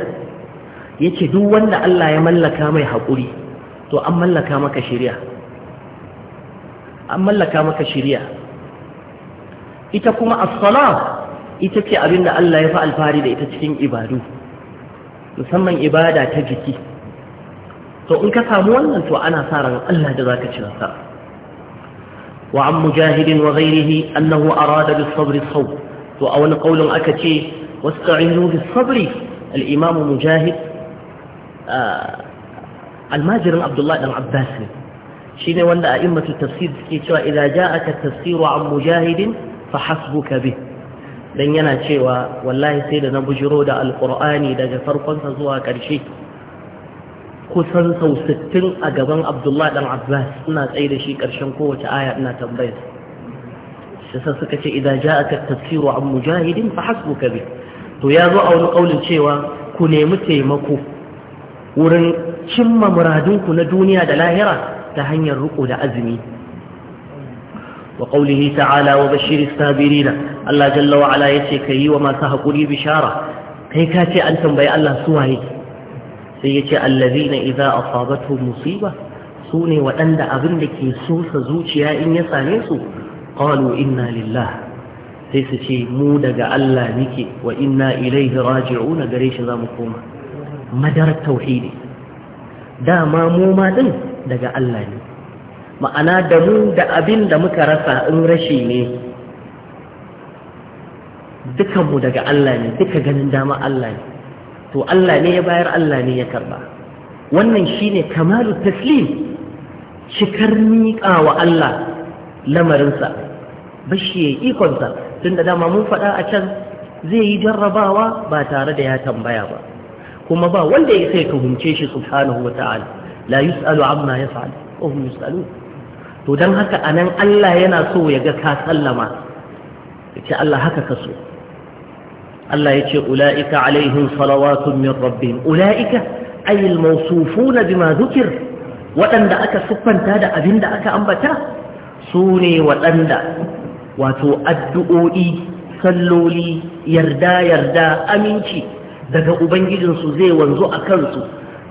yace duk wanda Allah ya mallaka mai haƙuri to an mallaka maka shari'a an mallaka maka shari'a ita kuma as-sala ita ce abinda Allah ya fa alfari da ita cikin ibadu musamman ibada ta jiki to in ka samu wannan to ana sa ran Allah da zaka ci nasara wa an mujahid wa ghayrihi annahu arada bis sabr to a wani kaulin aka ce wasta'inu bis sabri al imam mujahid ah, almajirin abdullahi dan abbas ne shine wanda a immatu tafsir suke cewa idza ja'aka tafsiru an mujahidin fa hasbuka bih dan yana cewa wallahi sai da na bujiro da alqur'ani daga farkonsa zuwa ƙarshe kusan sau 60 a gaban abdullahi dan abbas ina tsaye da shi ƙarshen kowace aya ina tambayar shi sa suka ce idan ja aka tafsiru an mujahidin fa hasbuka bi to ya zo a wani ƙaunin cewa ku nemi taimako wurin cimma muradunku na duniya da lahira ta hanyar riko da azumi Allah تعالى وبشر الصابرين الله جل wa masu haƙuri bishara. Kai ka ce an tambayi Allah su waye? sai ya ce allazina a asabatu musiba su ne waɗanda abin da ke sosa zuciya in ya same su qalu inna lillah sai su ce mu daga Allah nike, wa inna ilaihi raji'una gare shi zamu koma madarar tauhidi dama mu ma din daga Allah ne ma'ana da mu da abin da muka rasa in rashi ne dukanmu daga Allah ne duka ganin dama Allah ne to Allah ne ya bayar Allah ne ya karba wannan shine kamalu taslim cikar miƙa wa Allah lamarinsa bashi ya ikonsa tun da dama mun faɗa a can zai yi jarrabawa ba tare da ya tambaya ba kuma ba wanda ya sai tuhumce shi subhanahu wa ta'ala la yus'alu amma yaf'al wa hum yus'alun to dan haka anan Allah yana so ya ga ka sallama ce Allah haka ka so Allah ya ce ula'ika alaihim salawatun min rabbihim ula'ika ayil mawsufuna bima waɗanda aka siffanta da abin da aka ambata Sune ne waɗanda wato addu'o'i salloli yarda yarda aminci daga ubangijinsu zai wanzu a kansu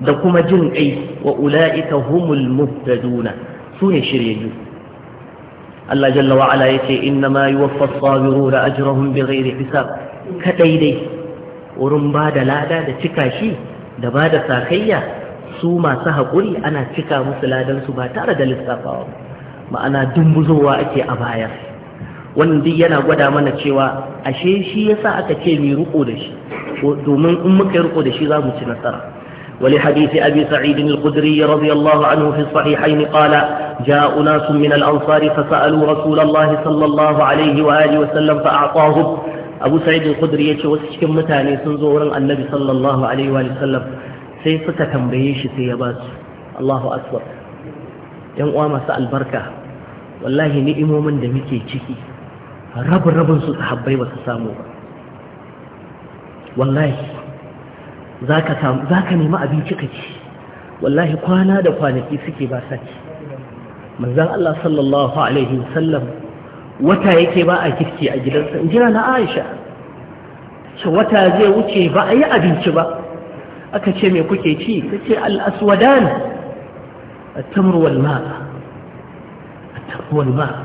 da kuma jin kai wa ula'ika humul muhtaduna su ne shiryayyu Allah jalla wa ala yace inna ma yuwaffa as-sabiruna ajrahum bighairi hisab kaɗai dai wurin ba da lada da cika shi da ba da sakayya su masu haƙuri ana cika musu ladansu ba tare da lissafawa ma'ana dumbuzowa ake a baya wannan yana gwada mana cewa ashe shi yasa aka ce mai riko da shi domin in muka riko da shi za mu ci nasara ولحديث أبي سعيد الخدري رضي الله عنه في الصحيحين قال جاء أناس من الأنصار فسألوا رسول الله صلى الله عليه وآله وسلم فأعطاهم abu sa'id al-khudri yace wasu cikin mutane sun zo wurin annabi sallallahu alaihi wa sallam sai suka tambaye shi sai ya ba su Allahu akbar yan uwa masu albarka wallahi ni'imomin da muke ciki rabu rabin su sahabbai ba su samu ba wallahi zaka samu zaka nemi abinci ka ci wallahi kwana da kwanaki suke ba sa ci manzon Allah sallallahu alaihi wa sallam wata yake ba a girki a gidansa in jira na aisha ce wata zai wuce ba a yi abinci ba aka ce mai kuke ci ta ce al'aswadan a tamurwal ma a tamurwal ma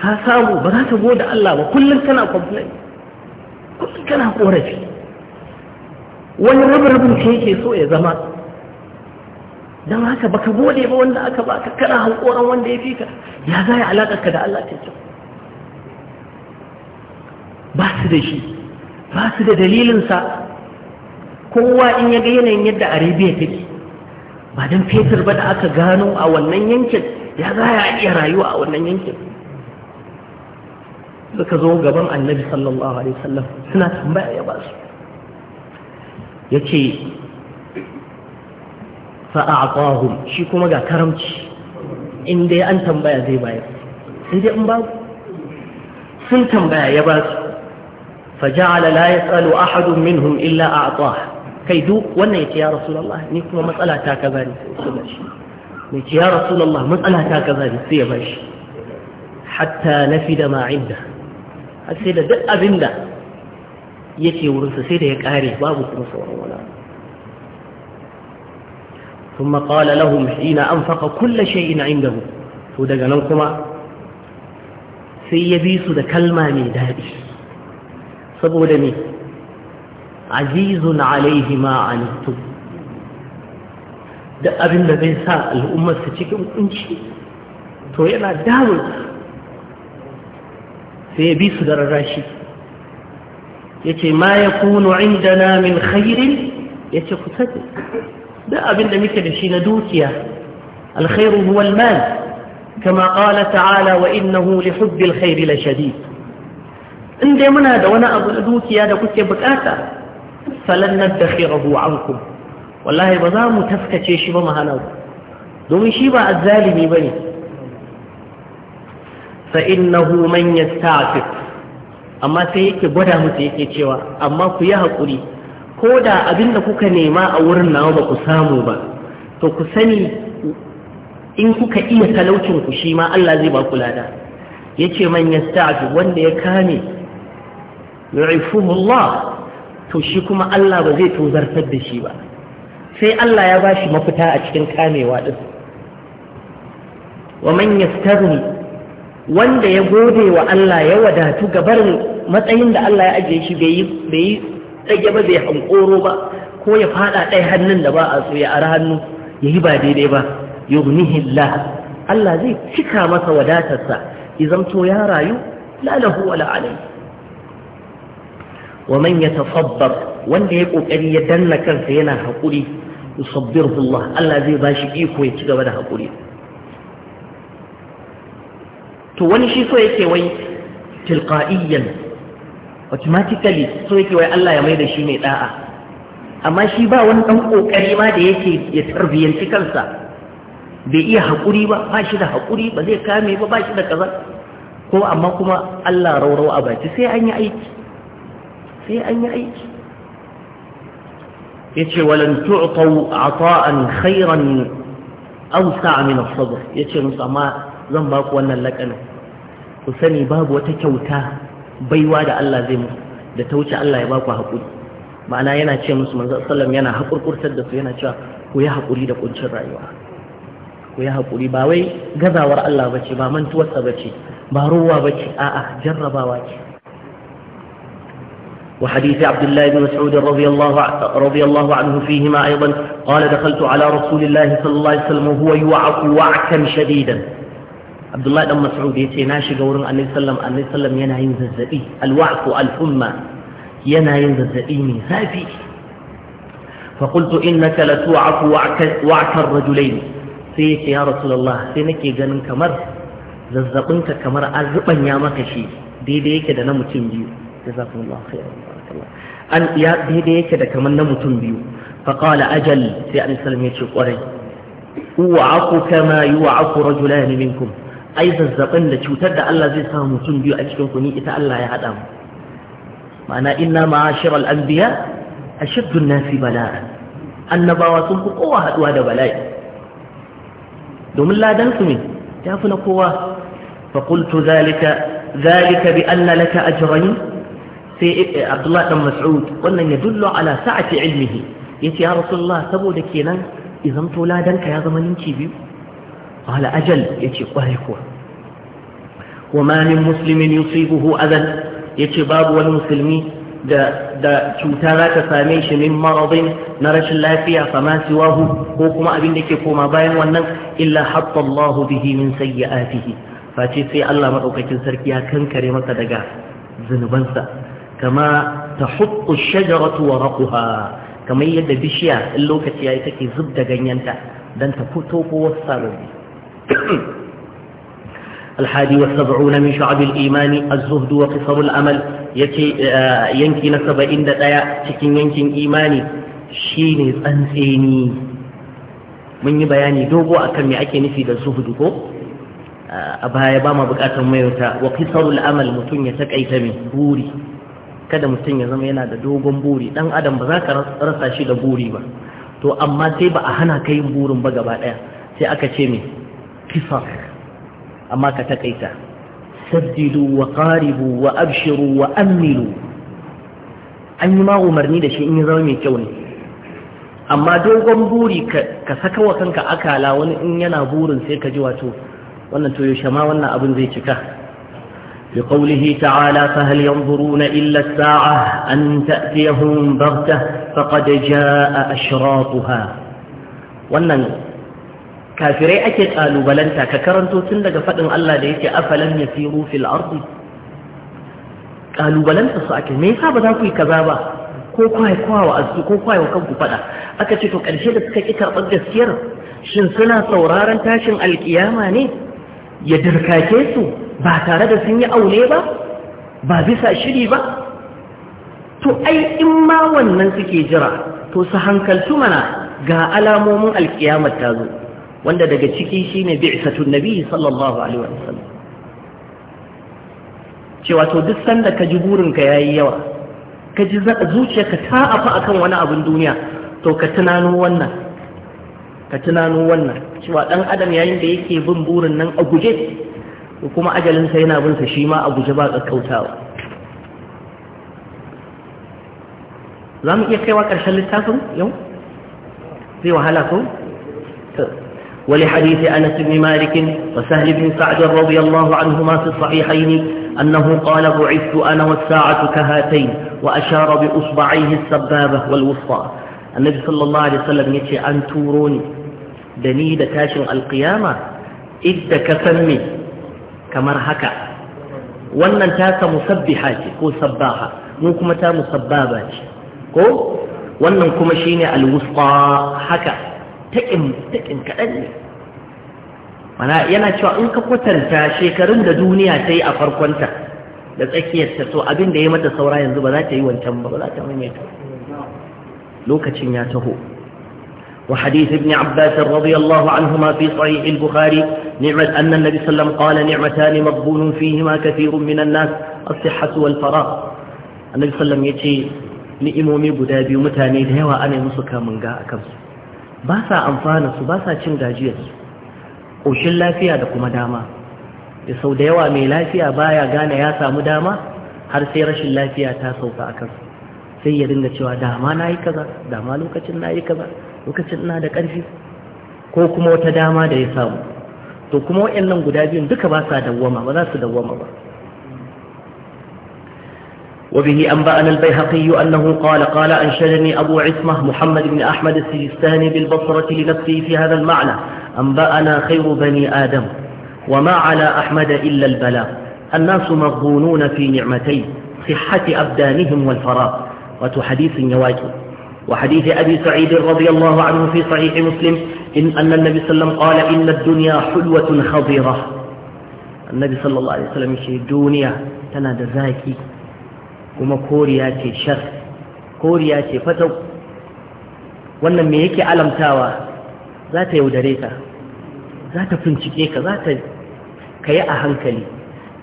ka samu ba za ta goda Allah ba kullum kana complain kullum kana korafi wani rabin rabin ce yake so ya zama don haka baka gode ba wanda aka baka kana hankoran wanda ya fi ka ya za ya alaƙar ka da Allah ta ce ba su da shi ba su da dalilinsa kowa in ya ga yanayin yadda arabiya take ba don fetur ba da aka gano a wannan yankin ya za ya iya rayuwa a wannan yankin suka zo gaban annabi sallallahu alaihi wasallam suna tambaya ya ba su ya ce fa'a'atahum shi kuma ga karamci inda dai an tambaya zai bayar inda in ba sun tambaya ya ba su faja'ala la ya yasalu ahadun minhum illa a a'tah kai duk wannan yace ya rasulullah ni kuma matsala ta ka ne su ba shi ne ce ya rasulullah matsala ta ka ne su ya ba shi hatta na nafida ma inda sai da duk abinda yake wurinsa sai da ya kare babu kuma sauran wani ثم قال لهم حين أنفق كل شيء عنده فدق kuma سيبيس دا كلمة من دادي سبو دمي عزيز عليه ما عنتم da abin da zai sa al'ummarsa cikin kunci to yana damun sai ya bi su da rarrashi ya ce ma ya kunu inda na min khairin ya ce ku duk abin da muke da shi na dukiya alkhairu huwa almal kama qala ta'ala wa innahu li hubbil khairi la shadid in dai muna da wani abu na dukiya da kuke bukata falan nadakhirahu ankum wallahi ba za mu taskace shi ba mahalau domin shi ba azzalimi bane fa innahu man yasta'fif amma sai yake gwada musu yake cewa amma ku yi haƙuri ko da abin da kuka nema a wurin nawa ba ku samu ba to ku sani in kuka iya talaucin ku shi ma Allah zai ba ku lada yace man yasta'fi wanda ya kame Allah to shi kuma Allah ba zai tozartar da shi ba sai Allah ya ba shi mafita a cikin kamewa din wa man yastaghni wanda ya gode wa Allah ya wadatu gabarin matsayin da Allah ya ajiye shi bai yi ɗage ba zai hankoro ba ko ya faɗa ɗaya hannun da ba a so ya ara hannu ya yi ba daidai ba yughnihillah Allah zai cika masa wadatarsa izamto ya rayu la lahu wala wa man yatasabbar wanda ya kokari ya danna kansa yana hakuri yusabbirhu Allah Allah zai shi iko ya ci gaba da hakuri to wani shi so yake wai tilqaiyan automatically so yake wai Allah ya mai da shi mai da'a amma shi ba wani dan kokari ma da yake ya tarbiyanci kansa bai iya hakuri ba ba shi da hakuri ba zai kame ba ba shi da kaza ko amma kuma Allah raurau a baki sai an yi aiki sai an yi aiki yace walan tu'tau ata'an khairan awsa min as-sabr yace musu amma zan ba ku wannan lakana. ku sani babu wata kyauta baiwa da Allah zai muku da ta wuce Allah ya baku haƙuri ma'ana yana ce musu manzo sallam yana haƙurƙurtar da su yana cewa ku yi haƙuri da kuncin rayuwa ku yi haƙuri ba wai gazawar Allah bace ba mantuwarsa bace ba ruwa bace a'a jarrabawa ce وحديث عبد الله بن مسعود رضي الله رضي الله عنه فيهما أيضا قال دخلت على رسول الله صلى الله عليه وسلم وهو يوعك وعكا شديدا abdullahi dan mas'ud ya ce na shiga wurin annabi sallam annabi sallam yana yin zazzabi alwa'ku alhumma yana yin zazzabi mai zafi fa qultu innaka la tu'afu wa'ka ar-rajulayn sai yace ya rasulullah sai nake ganin kamar zazzabin ka kamar an rubanya maka shi daidai yake da na mutum biyu jazakumullahu khairan barakallahu an ya daidai yake da kamar na mutum biyu fa qala ajal sai annabi sallam yace kwarai uwa'aku kama yu'aku rajulani minkum ai zazzabin da cutar da Allah zai samu mutum biyu a cikin ku ni ita Allah ya haɗa mu ma'ana inna ma'ashiral anbiya ashaddu an-nasi bala'a annabawa sun fi kowa haɗuwa da bala'i domin ladan su ne ya fi na kowa fa qultu zalika zalika bi anna laka ajrayn sai eh, Abdullah dan Mas'ud wannan ya dullo ala sa'ati ilmihi yace ya Rasulullah saboda kenan izamto ladanka ya zama ninki biyu قال أجل يتي قريكو وما من مسلم يصيبه أذى يتي باب والمسلمي da da cuta za ta same shi min maradin na rashin lafiya fama siwahu ko kuma abin da ke koma bayan wannan illa hatta bihi min sai ya sayyi'atihi face sai Allah madaukakin sarki ya kare masa daga zunubansa kama tahuttu ash-shajaratu waraqaha kamar yadda bishiya in lokaci yayi take zub da ganyenta dan ta fito ko wasu sababbi الحادي والسبعون من شعب الإيمان الزهد وقصر الأمل ينكي نسب إند دايا تكين ينكي إيماني شيني تنسيني من يبياني دوبو أكمي أكي نفيد الزهد كو أبها يباما بكاتا ميوتا وقصر الأمل متن يتكأي تمي بوري kada mutum ya zama yana da dogon buri dan adam ba za ka rasa shi da buri ba to amma sai ba a hana ka yin burin ba gaba daya sai aka ce me قصر أما كتكيتا سددوا وقاربوا وأبشروا وأملوا أن ما أمرني لشيء إن زوي من كوني أما دوغن بوري كسكا وكنك أكالا وإن إن ينا بور سيكا جواتو وأن تيشما وأن أبن زيتك شكا بقوله تعالى فهل ينظرون إلا الساعة أن تأتيهم بغتة فقد جاء أشراطها وأن kafirai ake kalubalanta ka karanto tun daga faɗin Allah da yake afalan fi fil ardi kalubalanta su ake me yasa ba za ku yi kaza ba ko kwai kwawa azu ko kwai wa kanku faɗa aka ce to ƙarshe da suka ki karɓar gaskiyar shin suna sauraron tashin alkiyama ne ya dirkake su ba tare da sun yi aure ba ba bisa shiri ba to ai in ma wannan suke jira to su hankaltu mana ga alamomin alƙiyamar ta zo wanda daga ciki shi shine tun nabi sallallahu alaihi sallam cewa to duk sanda ka ji burinka yayi yawa ka ji zuciyarka ta afa akan wani abin duniya to ka tunano wannan ka tunano wannan cewa dan adam yayin da yake bin burin nan a guje ko kuma ajalinsa yana bin sa shi ma a guje ba kakkautawa za mu iya kaiwa ƙarshen littafin yau zai wahala ko? ولحديث أنس بن مالك وسهل بن سعد رضي الله عنهما في الصحيحين أنه قال بعثت أنا والساعة كهاتين وأشار بأصبعيه السبابة والوسطى النبي صلى الله عليه وسلم يتي أن توروني دني دتاشن القيامة إذ كسمي كمر هكا وان tasa مسبحات ce سباحه sabbaha mu kuma ta musabbaba الوسطى ko taƙin taƙin kaɗan ne mana yana cewa in ka kwatanta shekarun da duniya ta yi a farkonta da tsakiyarta to abin da ya mata saura yanzu ba za ta yi wancan ba ba za ta maimaita lokacin ya taho وحديث ابن عباس رضي الله عنهما في صحيح البخاري نعمة أن النبي صلى الله عليه وسلم قال نعمتان مضبون فيهما كثير من الناس الصحة والفراغ النبي صلى الله عليه وسلم يتي نئمومي قدابي ومتاني دهوا أنا مسكا من قاء كمس ba sa amfana su ba sa cin su. ƙoshin lafiya da kuma dama da sau da yawa mai lafiya baya gane ya samu dama har sai rashin lafiya ta sauka a kansu sai ya dinga cewa dama na yi kaza dama lokacin na yi kaza lokacin na da ƙarfi ko kuma wata dama da ya samu to kuma waɗannan guda biyun duka ba sa dawwama ba za su dawwama ba وبه أنبأنا البيهقي أنه قال قال أنشدني أبو عصمة محمد بن أحمد السجستاني بالبصرة لنفسه في هذا المعنى أنبأنا خير بني آدم وما على أحمد إلا البلاء الناس مغبونون في نعمتي صحة أبدانهم والفراغ وتحديث يواجه وحديث أبي سعيد رضي الله عنه في صحيح مسلم إن أن النبي صلى الله عليه وسلم قال إن الدنيا حلوة خضرة النبي صلى الله عليه وسلم يشهد الدنيا تنادى ذاكي kuma koriya ce shar koriya ce fatau wannan me yake alamtawa za ta yaudare ka za ta fincike ka za ta ka a hankali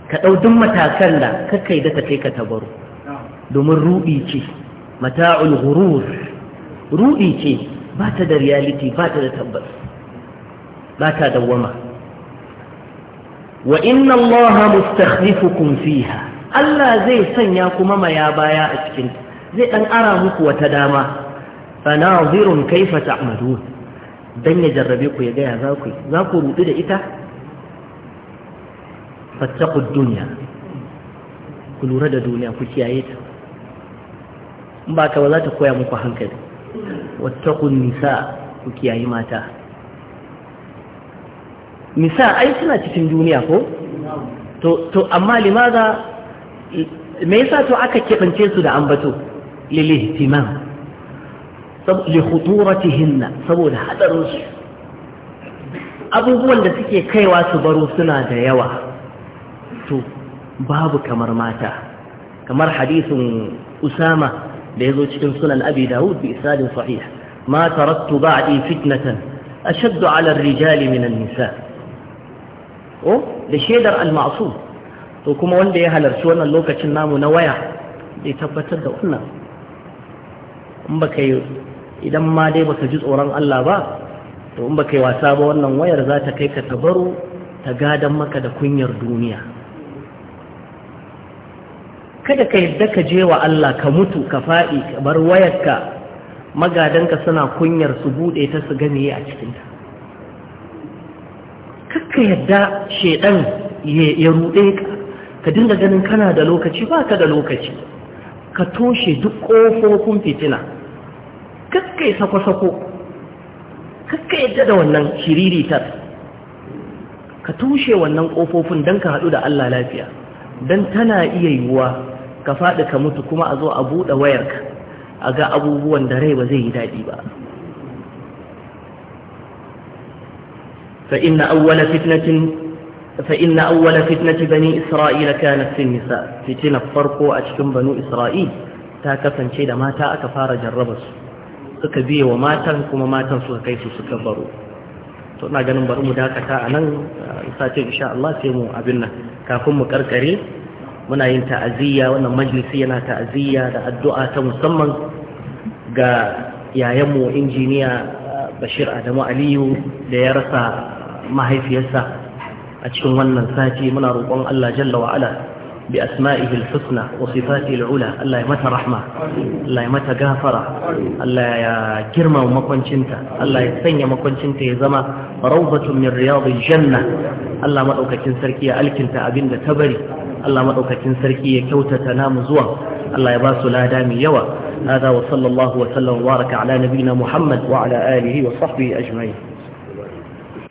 ka ɗau matakan da kakai da ta kai ka tabaru domin ruɗi ce mata'ul gurur ruɗi ce ba ta da reality ba ta da tabbas ba ta dawwama wa inna allaha mustakhlifukum fiha Allah zai sanya kuma maya baya a cikin zai dan ara muku wata dama fanazirun kaifa Amadu. dan ya jarrabe ku ya ga ya zaku za ku rudu da ita Fattaqu dunya ku lura da duniya ku kiyaye ta in ba ka ba za ta koya muku hankali wattaqun nisa ku kiyaye mata nisa ai suna cikin duniya ko to to amma limaza me yasa to aka kebance su da ambato lil ihtimam li khuturatihinna saboda hadarin su abubuwan da suke kaiwa su baro suna da yawa to babu kamar mata kamar hadisin usama da yazo cikin sunan abi daud bi isnadin sahih ma taraktu ba'di fitnatan ashaddu ala ar-rijali min an-nisa oh da shedar al-ma'sum to kuma wanda ya halarci wannan lokacin namu na waya ya tabbatar da wannan in baka yi idan ma dai baka ji tsoron Allah ba to in baka yi wasa ba wannan wayar za ta kai ka tabaru ta gadan maka da kunyar duniya kada ka yadda ka je wa Allah ka mutu ka faɗi ka bar wayarka magadanka suna kunyar su buɗe ta su gane a cikinta kakka yadda shaidan ya rude ka ka dinga ganin kana da lokaci ba ka da lokaci ka toshe duk ƙofofin fitina kakkai sako-sako kakkai yadda da wannan shiriritar ka toshe wannan ƙofofin don ka haɗu da Allah lafiya don tana iya yiwuwa ka faɗi ka mutu kuma a zo a buɗe wayarka a ga abubuwan da rai ba zai yi daɗi ba فإن awwala fitnatin فإن أول فتنة بني إسرائيل كانت في النساء فتنة فرقو أشكم بنو إسرائيل تاكفا شيدا ما تاك فار جربس سكبية وما تنكم وما تنسوا كيف سكبروا تقولنا جنم برمو داك تاعنا إن شاء الله سيمو أبنا كافم كركري muna yin ta'aziyya wannan majalisi yana ta'aziyya da addu'a ta musamman ga yayanmu injiniya Bashir Adamu Aliyu da ya rasa mahaifiyarsa a cikin wannan sati muna roƙon Allah jalla wa ala bi asma'ihi al-husna wa sifatihi al-ula Allah ya mata rahma Allah ya mata gafara Allah ya girma makwancinta Allah ya sanya makwancinta ya zama rawdatun min riyadil janna Allah madaukakin sarki ya alkinta abinda ta bari Allah madaukakin sarki ya kyautata namu zuwa Allah ya ba su lada mai yawa hada wa sallallahu wa sallam wa ala nabiyina Muhammad wa ala alihi wa sahbihi ajma'in